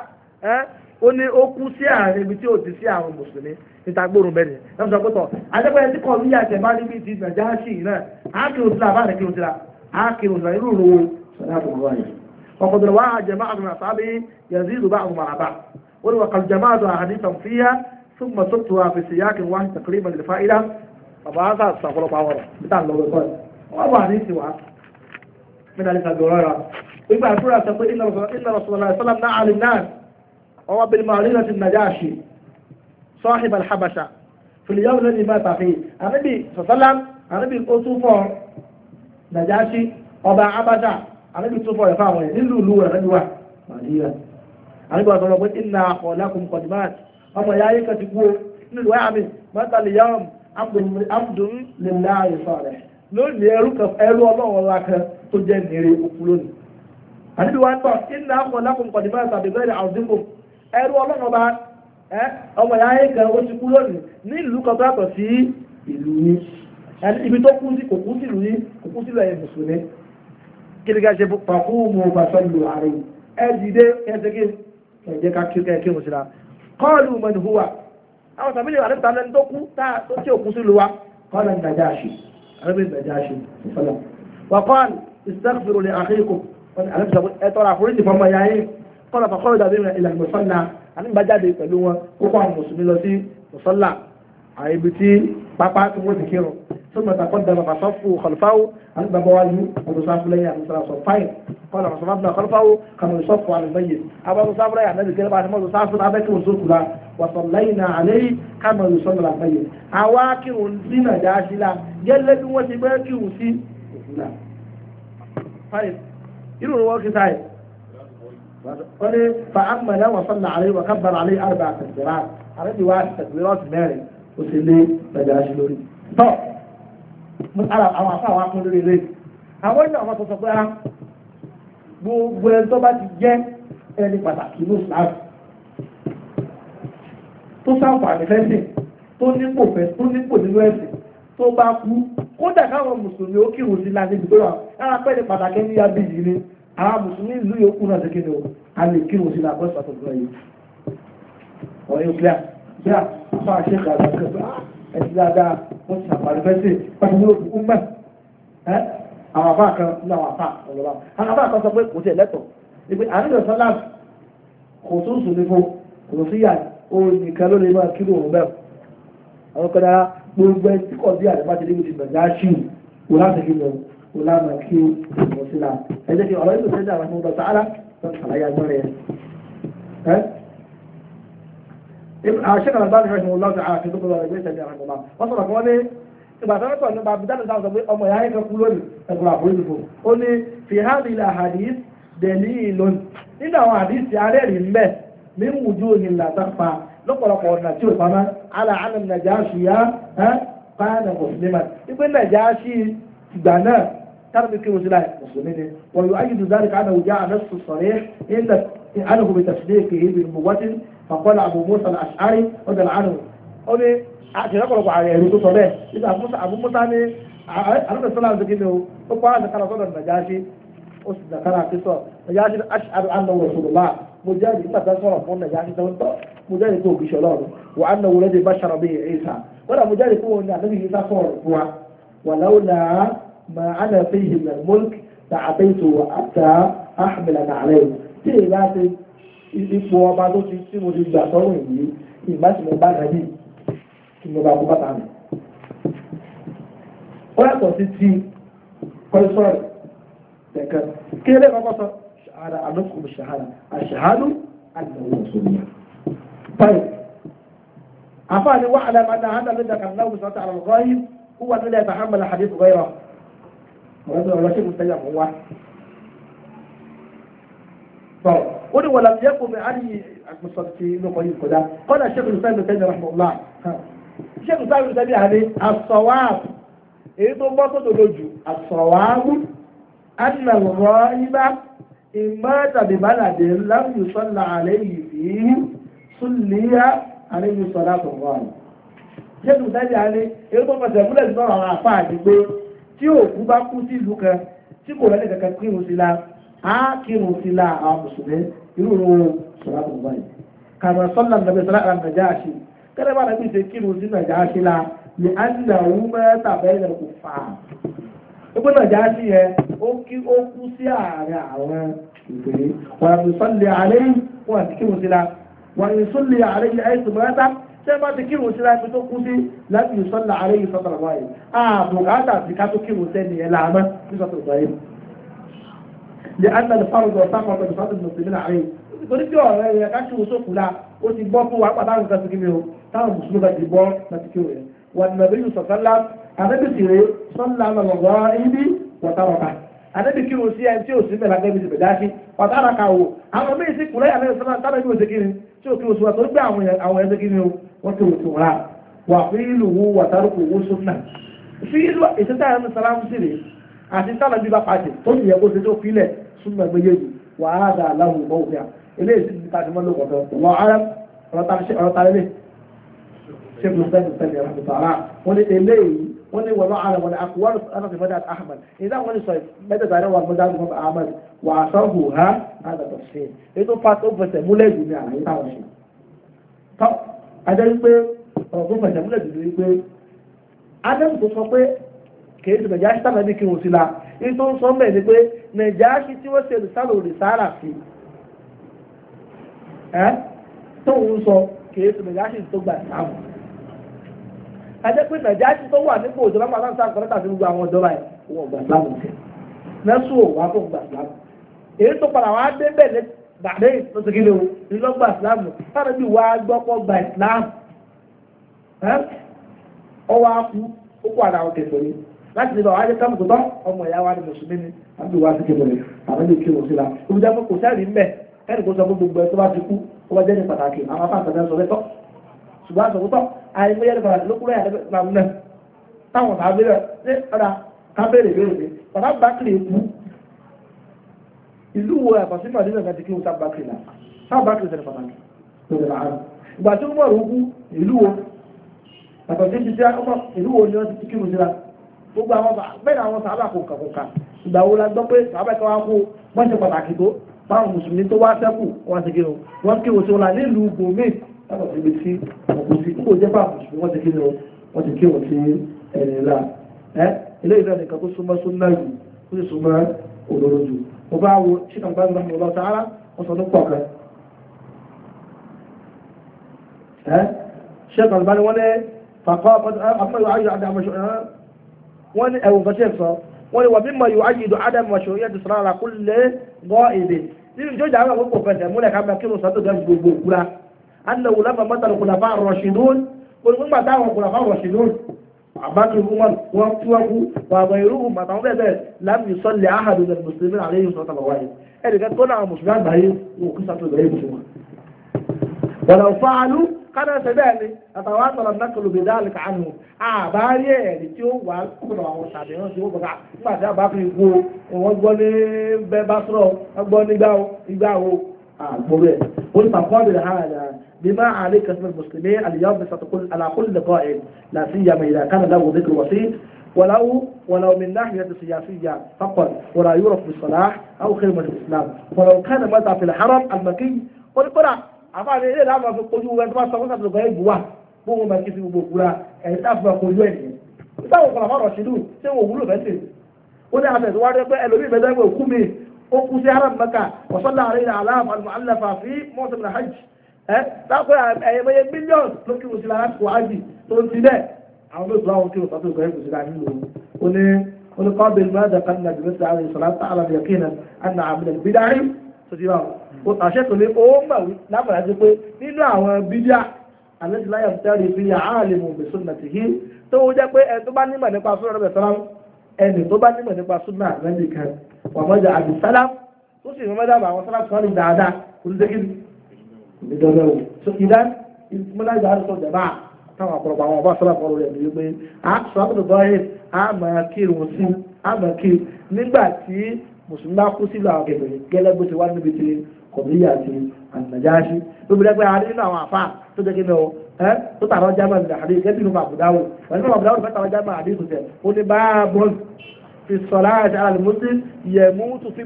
ó ní ó kú sí àárín ibi tí ò ti sí àwọn mùsùlùmí níta gbóòrùn bẹ́ẹ̀ ni ẹ sọ pé tọ̀ adébẹ́yẹ tí kọ̀ níyà jẹ̀ bá níbi ti nàìjíríà sí yìí náà á kí òsìlá bá rẹ̀ kí òsìlá á kí òsìlá irú ro sọ̀rọ̀ àbúrò wá àjẹmọ́ àdùn àtàbí yẹ̀zí ìlú bá àwọn màràbà ó ní wàkàlù jẹmọ́ àdùn àhàdìsà fíyà ثم صدت في سياق واحد تقريبا للفائدة فبعث استغفر الله ورا بتاع الله بقول وابو حديث وعا من عليه الدورة يبقى سورة تقول إن رسول الله صلى الله عليه وسلم نعى للناس وابن مارينة النجاشي صاحب الحبشة في اليوم الذي مات فيه النبي صلى الله عليه وسلم النبي أوصفه نجاشي ọba abájá anábì tó fọ ẹ̀fà àwọn yẹn nílùú ìlú rẹ̀ níwá màdíyà anábì wà sọ́wọ́ pé iná ọ̀làkùn kọ̀dìmáàt ọmọ ìyá ayé kan ti kú nílùú àmì mọ́tàlì yàrùn abdùn lèlá àyèfà rẹ̀ lónìí ẹrú ẹrú ọlọ́run la kan tó jẹ́ nìire òkú lónìí anábì wà sọ iná ọ̀làkùn kọ̀dìmáàt àbẹ̀bẹ̀rẹ̀ àwọn ẹrú ọlọ́run ọba ọmọ ìyá ayé kan ó ti kú lónìí ní ìlú kan tó yàtọ̀ sí ìlú yín ibi tó kú sí kò kú sí ìlú yín kò kú sí ìlú ẹ̀yẹ mùsùlùmí kí ni ká ṣe pàkú mu bàtọ́ lu ààrẹ ẹ dìde ẹsẹ̀ kí ẹ̀jẹ̀ ká kí kẹ́ kí mo ṣe ra kọ́ọ̀lù mẹ́nu hùwà àwọn tàbí ìwà nípa lẹ́nu tó kú táà tó tí ò sí ìlú wa kọ́ọ̀lù Najashi àrẹ́bí Najashi sọ́lá wà kọ́ọ̀lù istaghfiru li akhikum ẹ̀tọ́ra àforíjì fọmọ ìyá yín kọ́nà fàkọ́rọ̀ dàbí ìlànà mùsọ́lá àníbàjáde pẹ̀lú wọn kókó àwọn mùsùlùmí lọ sí mùsọ́lá àìbí tí pápá tí wọ́n ti kírun ثم تقدم فصفه خلفه عن بوالي ومصاف لي عن صلاة صفين قال فصفنا خلفه كما يصف على الميت أبا مصاف لي عن نبي كلمة عن مصاف أبك وصوك وصلينا عليه كما يصلى على الميت عواكر لنا داشلا جلد وسباك وسي لا طيب يرون واكي طيب قال فأما لو صلى عليه وكبر عليه أربع تكبيرات عرفت واحد تكبيرات مالك قلت لي بدأش لوري طب مسألة أو عصا وعقل لوري ليه àwọn ènìyàn àwọn sọsọ pé ara gbogbo ẹni tó bá ti jẹ́ ẹni pàtàkì ló sàárù tó sàǹfààní fẹ́sìn tó nípò fẹ́ tó nípò nínú ẹ̀sìn tó bá kú kódà káwọn mùsùlùmí ó kírun sí láti ibi tó wà lára pẹ́ẹ́ni pàtàkì ní abíyí ni àwọn mùsùlùmí ìlú yòókù náà o a lè kírun sí la bọ́sù àtọ̀tọ̀ yìí ọ̀rẹ́ yóò clear bí a bá a ṣe kà á kẹ́ pé ẹ̀sìn dáadáa wọ́n ti sàpàdé fẹ́ sí pàṣẹ wọ́n kú mẹ́ ẹ́ àwọn àbá kan ní àwọn àbá ọ̀lọ́lá àwọn àbá kan sọ pé kò kò tún sùn ní fún kò sí yà nìkan ló lè máa bẹ́ẹ̀ àwọn kan dára gbogbo kó lámà kí ó mọ̀ sí la ẹ jẹ́ kí ọ̀rọ̀ yìí ló ṣẹ́jà àwọn ọmọ ọ̀tá ara tó ń ṣàlàyé agbára yẹn. àṣẹ kan bá ní ṣe wọn lọ́sọ̀ àti tó kọ́ lọ́wọ́ ìgbésẹ̀ ní àwọn ọmọ wọn sọ̀rọ̀ kan ní ìgbà tó ń sọ̀rọ̀ nípa bíjáde sáwọn sọ pé ọmọ ìyá yẹn kan kú lónìí ẹ̀kọ́ àforíjì fún ó ní fi hàbí la hadith dẹ̀lí ìlónì nínú àwọn hadith arẹ́rìí mbẹ́ mi ń wùdú òyìn làtà pa lọ́pọ̀lọpọ̀ ọ̀nà tí ò pamọ́ ala anam najashi ya kánà mùsùlùmá ìpín najashi ìgbà náà ترمي كيلو سلاح مسلمين ويؤيد ذلك أنه جاء نص صريح إلا عنه بتصديقه بالمواطن فقال أبو موسى الأشعري ودل عنه أولي àtìrẹ́ ọ̀pọ̀lọpọ̀ ààrẹ ẹ̀rù tó sọ bẹ́ẹ̀ nígbà Abu Musa ní àrùn ìsọ́lá àdókè ni ó pa àdàkàrà sọ́dọ̀ Nàjáṣí ó sì dàkàrà àkísọ̀ Nàjáṣí àṣàrò ànáwó ìṣòlùmá mo jẹ́ ìdí pàtàkì sọ̀rọ̀ fún Nàjáṣí tó ń tọ́ mo jẹ́ ìdí òkè ìṣọ̀lọ́ rẹ̀ wà á náwó lẹ́dẹ̀ bá ṣàrọ̀ bíi Ìsà kódà mo jẹ́ ìdí fún òun ní àdókè Ìsà sọ̀rọ̀ fún wa wà láwùlà ما أنا فيه من الملك تعبيته حتى أحمل عليه tí èyí bá ṣe ipò ọba tó ti tí mo ti gbà sọ́rùn yìí ìgbà tí mo bá nàbí kí mo bá kó bàtà mi. ó yàtọ̀ sí ti kọ́sọ́ọ̀rì nìkan kí ilé kọ́kọ́ sọ ṣahada alókùnrin ṣahada àṣahadu àdìmọ̀wò òṣèlú. báyìí àfáàní wàhálà máa ń dá hàn dá lójà kan láwùjọ sọ́tà àlọ́ ọ̀rọ̀ ọ̀rọ̀ ṣe mú sẹ́yà mú wá. tọ́ ó ní wàlá tí ẹkùn mi á ní àgbẹ̀sọ̀ ti lóko yìí kọjá kọ́dà ṣẹ́kùn sáyẹn ló sẹ́yìn rahmanullah ṣẹ́kùn sáyẹn ló sẹ́yìn àdé asọ̀wáàbù èyí tó bọ́ sódò lójú asọ̀wáàbù anna rọ́ọ̀yìnbá ìmọ̀ tàbí bàlàdé láwùjọ sọ́là àlẹ́ yìí fi súnlẹ̀yà àlẹ́ yìí sọ́lá tó wà. ṣẹ́kùn tí òkú bá kú sí ìlú kan tí kò lẹ́lẹ̀ kankan kírun sí la á kírun sí la àwọn mùsùlùmí irú òun sọ̀rọ̀ àbùkù báyìí kàmà sọ́nà nàbẹ̀ sọ́nà àrà Nàjáṣì kẹ́lẹ́ bá nàbí ṣe kírun sí Nàjáṣì la ní àdínà òun mẹ́ta bẹ́ẹ̀ lẹ̀ kò fà á. ẹgbẹ́ Nàjáṣì yẹn ó kí ó kú sí ààrẹ àwọn ìpèlè wàá fi sọ́nà àlẹ́ yìí wọ́n àti kírun sí la wàá fi sọ́nà àlẹ́ yìí tẹ́ bá ti kírun sí láti tó kú sí láti ìsọ́lá ààrẹ yìí sọ́tọ̀ àwọn àyè àbùkátà sí ká tó kírun sẹ́ni ẹ̀ láàmá ní sọ́tọ̀ ìgbàyè ní àtàlẹ̀ fárúgbà sáfà pẹ̀lú fásitì mùsùlùmí ààrẹ torí pé ọ̀rẹ́ rẹ̀ ká kírun sókù la ó ti gbọ́ fún wa pàtàkì nǹkan sí kí mi o táwọn mùsùlùmí ti gbọ́ láti kírun rẹ̀ wà ní nàbẹ́yù sọ̀tọ́lá àdébìsìrè sọ́lá lọ́wọ́ ibi wọ̀tàwọ̀ta àdébì kírun sí ẹni tí ò sí mẹ́la gẹ́gẹ́ bí ìbẹ̀dá sí wọ̀tàràkà wò àwọn méjì sí kùrẹ́ àlẹ́ ìsọ́lá tábẹ́ ní òṣèkiri tí ò kírun sí wa torí pé àwọn ẹ̀ وتوتها وفعله وتركه سنة فعل ìṣẹ́tà ẹ̀rọ sàlámù sí rèé àti sàlá bíbá pàṣẹ tó yẹ kó ṣe tó filẹ̀ súnmọ́ méjèèjì wà á dà láwùjọ bọ́ òfin à eléyìí sì ti ta àti mọ́lò kọ̀tọ̀ wọ́n ara ọ̀rọ̀ ta lé ṣé kò sẹ́ni sẹ́ni ẹ̀rọ tó tààrà wọ́n ní eléyìí wọ́n ní wọ́n ara wọn àkùwárò ẹ̀rọ tó mọ́dà ahmed ìdá wọn ní sọ mẹ́tẹ̀ẹ̀ta ẹ̀rọ wọn mọ́dà ahmed wà á sọ́hù ha á dàtọ̀ sí i ètò pàṣẹ ó fẹsẹ̀ múlẹ̀ jù ní àlàyé táwọn ṣe. ajá wípé ọ̀gbọ́n fàjàmúlẹ̀ dùdú wípé adam sọ pé kìí ṣe nàìjíríà ṣítà náà kí wọ́n sí la ní tó ń sọ mẹ́ ni pé nàìjíríà tí wọ́n ṣe rìsáàlù rìsáàlà sí ẹ́ tó ń sọ kìí tó gbà tó wà nípò sáà kọ́lẹ́tà sí gbogbo àwọn wọ́n gbà bàdé lọ́sọ̀gẹ́lẹ̀ o ní lọ́gbà ìsìláàmù sára bí wàá gbọ́pọ̀ gba ìsìláàmù ọwọ́ akú ó kó àdá àwọn kẹfẹ́ ni láti lè bá wàá jẹ́ káàmù tó tán ọmọ ìyá wa ni mùsùlùmí ni àbí wàá ti kẹfẹ́ ni àbí lè kí wọ́n sí la ó fi dáko kò sẹ́rìí mbẹ́ ẹnì kó sọ fún gbogbo ẹ tó bá ti kú ó bá jẹ́ ní pàtàkì àwọn afá àtàkì sọ lẹ́tọ́ ṣùgbọ́n àṣọ àìmọye ní pàtàkì ló kúrò yàrá làwọn ìlú wo yàtọ̀ sí màdínà náà ti kí wọ́n sábàkì náà sábàkì sẹ́ni pàtàkì lórí àárọ̀ ìgbà tí Umar wúkú ìlú wo yàtọ̀ sí ti ìlú wo ni wọ́n ti kí wọ́n síra gbogbo àwọn bẹ́ẹ̀ àwọn sábà kò kà kò kà ìgbà wo la gbọ́ pé sábà kí wọ́n kó wọ́n ṣe pàtàkì tó báwọn mùsùlùmí tó wá sẹ́kù wọ́n ti kí wọ́n kí wọ́n sọ́la nílùú gbòmí yàtọ̀ sí ibi tí ọkùn sí kó jẹ́ bá mùsùlùmí wọ́n ti kí wọ́n ti kí wọ́n sí ẹ̀rìn lá ilé ìrẹ́nìkan tó súnmọ́ súnmọ́ jù tó sì súnmọ́ òdòdó jù mo bá wo ṣíkàn bá ń gbà lọ sáárá wọ́n sọ tó pọ̀ kan. ṣíkàn bá ní wọ́n ní fàkọ́ àpọ̀ ìwà ayọ̀ àdá àmọ̀ṣọ́ wọ́n ní ẹ̀wù kan ṣe sọ wọ́n ní wà mímọ̀ ìwà ayọ̀ ìdò àdá àmọ̀ṣọ́ yẹ́ dùsùn ara kó lè gbọ́ èdè nínú ìjọ́jà àwọn àkókò fẹsẹ̀ múlẹ̀ ká máa kírun sọ́tò gẹ́gẹ́ gbogbo òkúra. annahu lamma matal khulafa ar-rashidun gbogbo gbàtà àwọn khulafa ar-rashidun àbákìrú wọn wọn túwákú bàbá irúgbù bàtàwọn bẹ́ẹ̀ bẹ́ẹ̀ láti sọ́lẹ̀ áhàdù ní mùsùlùmí àlẹ́ yìí sọ́tà bàwá yìí ẹnìkan tó náà mùsùlùmí àgbáyé wọn kí sàtò ìbẹ̀rẹ̀ mùsùlùmí. wọ̀nà fàálù kádà ṣe bẹ́ẹ̀ ni àtàwọn àtàlà nàkàlù bí dáàlì kàánù àbárí ẹ̀rí tí ó wà kúrò àwọn sàbẹ̀rẹ̀ tí ó bọ̀ká nígbà tí àbákìrú gbó wọn gbọ́ ní bẹ́ẹ̀ bá sọ̀rọ̀ wọn gbọ́ nígbà wo àgbọ̀rẹ̀ ó ní pàpọ́ بما عليك اسم المسلمين اليوم ستقول على كل قائل لا سيما إذا كان له ذكر وسيط ولو ولو من ناحية سياسية فقط ولا يعرف بالصلاح أو خدمة الإسلام ولو كان متى في الحرم المكي قل قرأ àbáde ilé ìlànà fi kojú ẹni tó bá sọ fún sàtúntò bẹ́ẹ̀ bù wá bó wọn máa kí fi gbogbo kura ẹni tá a fi máa kojú ẹni sáwọn kọlà máa rọ̀ sílù tí wọn wúlò fẹ́ sí ó ní àfẹ́ ìwádìí rẹ pé ẹlòmíì bẹ́ẹ̀ dẹ́gbẹ́ òkú mi ó kú sí haram mẹ́ka ọ̀sán láàrin àlàáfà àlàáfà fi mọ́tò hajj ẹ́ lápẹ́ ẹ̀yẹ̀mẹ́yẹ mílíọ̀nù ló kí wọ́n sí lára kò ájì tó ń ti bẹ́ẹ̀ àwọn tó sọ àwọn kí wọ́n sọ tó ń kọ́ ẹ̀kọ́ ولقابل ماذا قال النبي عليه الصلاة والسلام يقينا أن عمل البدع سجيبا àṣẹ́kùn ní ó mọ̀ lápàdá sí pé nínú àwọn bídíà alẹ́sìláyà tẹ́rì fi àálìmù bìsúnà ti hí tó ó jẹ́ pé ẹni tó bá nímọ̀ nípa súnà rẹ̀ sálám ẹni tó bá nímọ̀ nípa súnà rẹ̀ nìkan wà mọ́jà àbí sálám tó sì ìdọ́dọ̀ wò so ìdá ìmúlá ìdá àrùsọ jẹ̀má táwọn àpọ̀lọpọ̀ àwọn ọba sọ́lá fọ́rọ̀ rẹ̀ ní wípé a sọ àbúrò bọ́ọ̀hì a máa kí irun sí a máa kí nígbà tí mùsùlùmí bá kú sílò àwọn kẹfẹ́ gẹ́lẹ́ bó ti wá níbi ti kọ̀míyà àti ànàjáṣí lóbi lẹ́gbẹ́ a nínú àwọn àfà tó jẹ́ kí ni ọ ẹ́ tó tààrọ jámà ní àdé gẹ́bí nínú àbùdáwò pẹ̀lú àbùdáwò fẹ́ tààrọ jámà àdé ìtòsẹ̀ ó ní bá bọ́ọ̀lù fi sọ̀lá àti alàlùmọ́sí yẹ̀mú tó fi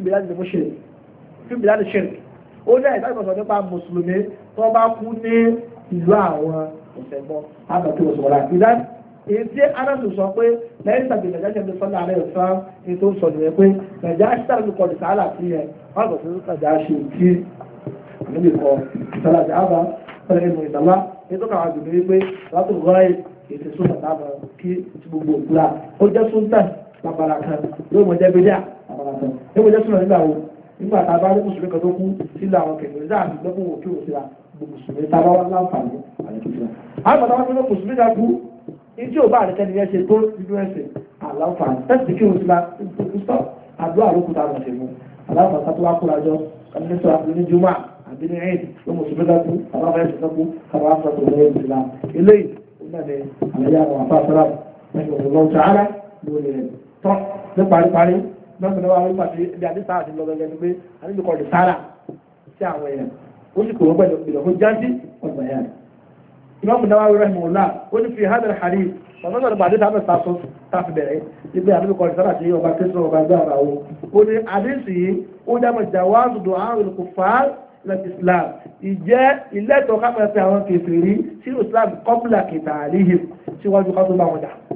bìlá ti ṣe ó jẹ́ ìsàkóso nípa mùsùlùmí tó bá kú ní ìlú àwọn ìṣẹ̀gbọ́n àbẹ̀tí òṣùwọ̀lá ìdá èyí tí aráàlú sọ pé lẹ́yìn tàbí nàìjíríà ṣe sọ́lá rẹ̀ sàn ní tó sọ nìyẹn pé nàìjíríà ṣe tàbí kọ̀ ní sàálà sí yẹn wọ́n kò fún nàìjíríà ṣe tí níbi kọ sọ́lá ti àbá pẹ̀lú ìmọ̀ ìdàlá ní tó kàwá dùn wípé látò rọ́ẹ̀ ètò sọ́lá tábà kí gbogbo òkúra ó jẹ́ sóńtà pàpàlà kan ló mọ̀ jẹ́ bídíà pàpàlà kan ló mọ̀ jẹ́ sọ́lá nígbà wo nígbà tá a bá rí mùsùlùmí kan tó kú sílẹ̀ àwọn kẹ̀kẹ́ dáa ní gbẹ́kùn òkè òsìlà mùsùlùmí tá a bá wá láǹfààní àlẹ́kùsílà. àwọn bàbá wọn mùsùlùmí dá kú ìdí ò bá àdìkẹ́ni yẹn ṣe tó nínú ẹ̀sẹ̀ àlàǹfààní tẹ́sí kí òsìlà ìpòkúsọ àdúrà ló kú tá a mọ̀ sí mu àlàǹfààní tó wá kúra jọ kàmínísọ̀ àbí ní jùmọ̀ àbí ní ẹ̀ẹ́d ló mùsùlùmí dá kú àlàǹfààní tó lọ́sọ̀rọ̀ wa wípé àti ibi àti sáà ti lọ gẹ́gẹ́ ni pé àníbi kọ́ lè sára sí àwọn èèyàn ó sì kò wọ́n pẹ̀lú ìlọ̀ fún jáde ọgbà ẹ̀yà rẹ̀. ìmọ̀mù náà wáyé rahmu ọ̀la ó ní fi hadar hari ọ̀nà sọ̀rọ̀ bàdé tàbí sàtọ́ tàbí bẹ̀rẹ̀ ibi àníbi kọ́ lè sára sí ọba kristu ọba gbé ara wo. ó ní àdéhùn yìí ó dámọ̀ jàwáàzù dùn áhùn kò fà á lẹ́tì islam ìjẹ́ ilẹ́tọ̀ọ́ kápẹ́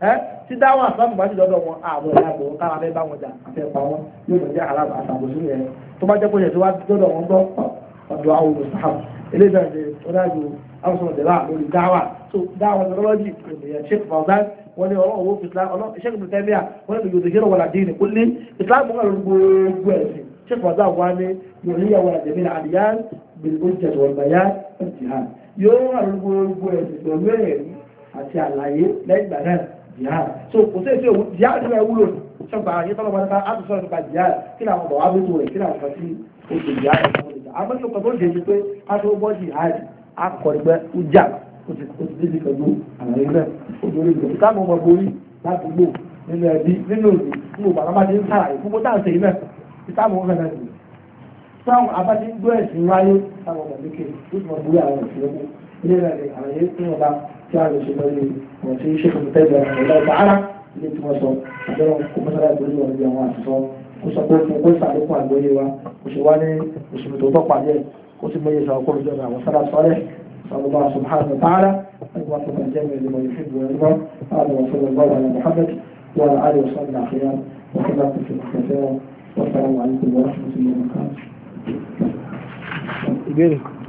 ẹ́ tí dáwọn àfẹ́mù bá ti lọ́dọ̀ wọn ààbò ẹ̀yà àgbò kára fẹ́ bá wọn jà àfẹ́ pa wọn yóò lọ jẹ́ aláàbò àtàbòsí rẹ̀ tó bá jẹ́ pé yẹ̀tí wá lọ́dọ̀ wọn gbọ́ ọ̀dọ̀ àwọn olùsáàbù eléyìí náà ṣe ó dájú àwọn sọ̀rọ̀ dẹ̀lá lórí dáwà tó dáwà tẹkinọ́lọ́jì ìpìlẹ̀ sheikh fawzan wọ́n ní ọlọ́run owó islam ọlọ́run sheikh ibn taymiya wọ́n ní yòtò kérò wàlá dín ní kó ní islam wọn lórí gbogbo ẹ̀sìn sheikh fawzan wà ní yòlíyà wàlá dẹ̀mí ní àdìyàn gbèlú jẹ̀dọ̀ ọ̀gbàyà ẹ̀jì hàn yóò wà lórí gbogbo ẹ̀sìn pẹ̀lú ẹ̀rí àti àlàyé lẹ́yìn ìgbà náà jihad so kò sí èsì jihad ní ẹwúlò sọgbà ayé tọ́lọ́ bá dáta á ti sọ̀rọ̀ nípa jihad kí làwọn bọ̀ wá bí tó rẹ̀ kí làwọn kan sí oṣù jihad ọ̀sán ọ̀sán àmọ́ ìṣòkan tó dé ju pé a tó bọ́ jihad a kọ̀ nígbẹ́ ó jà ó ti ó ti débi pẹ̀lú àwọn ẹgbẹ́ òjòrè ìgbẹ́ táwọn ọmọ borí ládùúgbò nínú ẹbí nínú òbí nínú bàbá bá ti ń sára ìfúnpó táà ń ṣe iná ìtàwọn ọmọ náà nìyí táwọn abájí gbọ́ ẹ̀sìn wáyé táwọn ọmọ mékè ó ti mọ̀ borí àwọn òṣèlú ilé rẹ̀ àlàyé fún ọba sáàrì ṣe lórí wọn tí ṣe kòtò tẹ́jọ ọ̀la ìtàhárà ilé tí wọ́n sọ àbẹ̀rẹ̀ kò mọ́sára ìgbòrí wọn níbi àwọn àtúntọ́ kó sọ pé fún kó sàlékún àgbóyé wa kò ṣe wá ní òṣèlú tó tọ́pàá yẹ kó sì mọyé sàkó lójọ àwọn sára sọ́rẹ́ صلى الله سبحانه وتعالى أن يوفق الجميع لما يحب ويرضى هذا وصلى الله على محمد وعلى آله وصحبه الأخيار وخلاقه في الأخيار والسلام عليكم ورحمة الله وبركاته.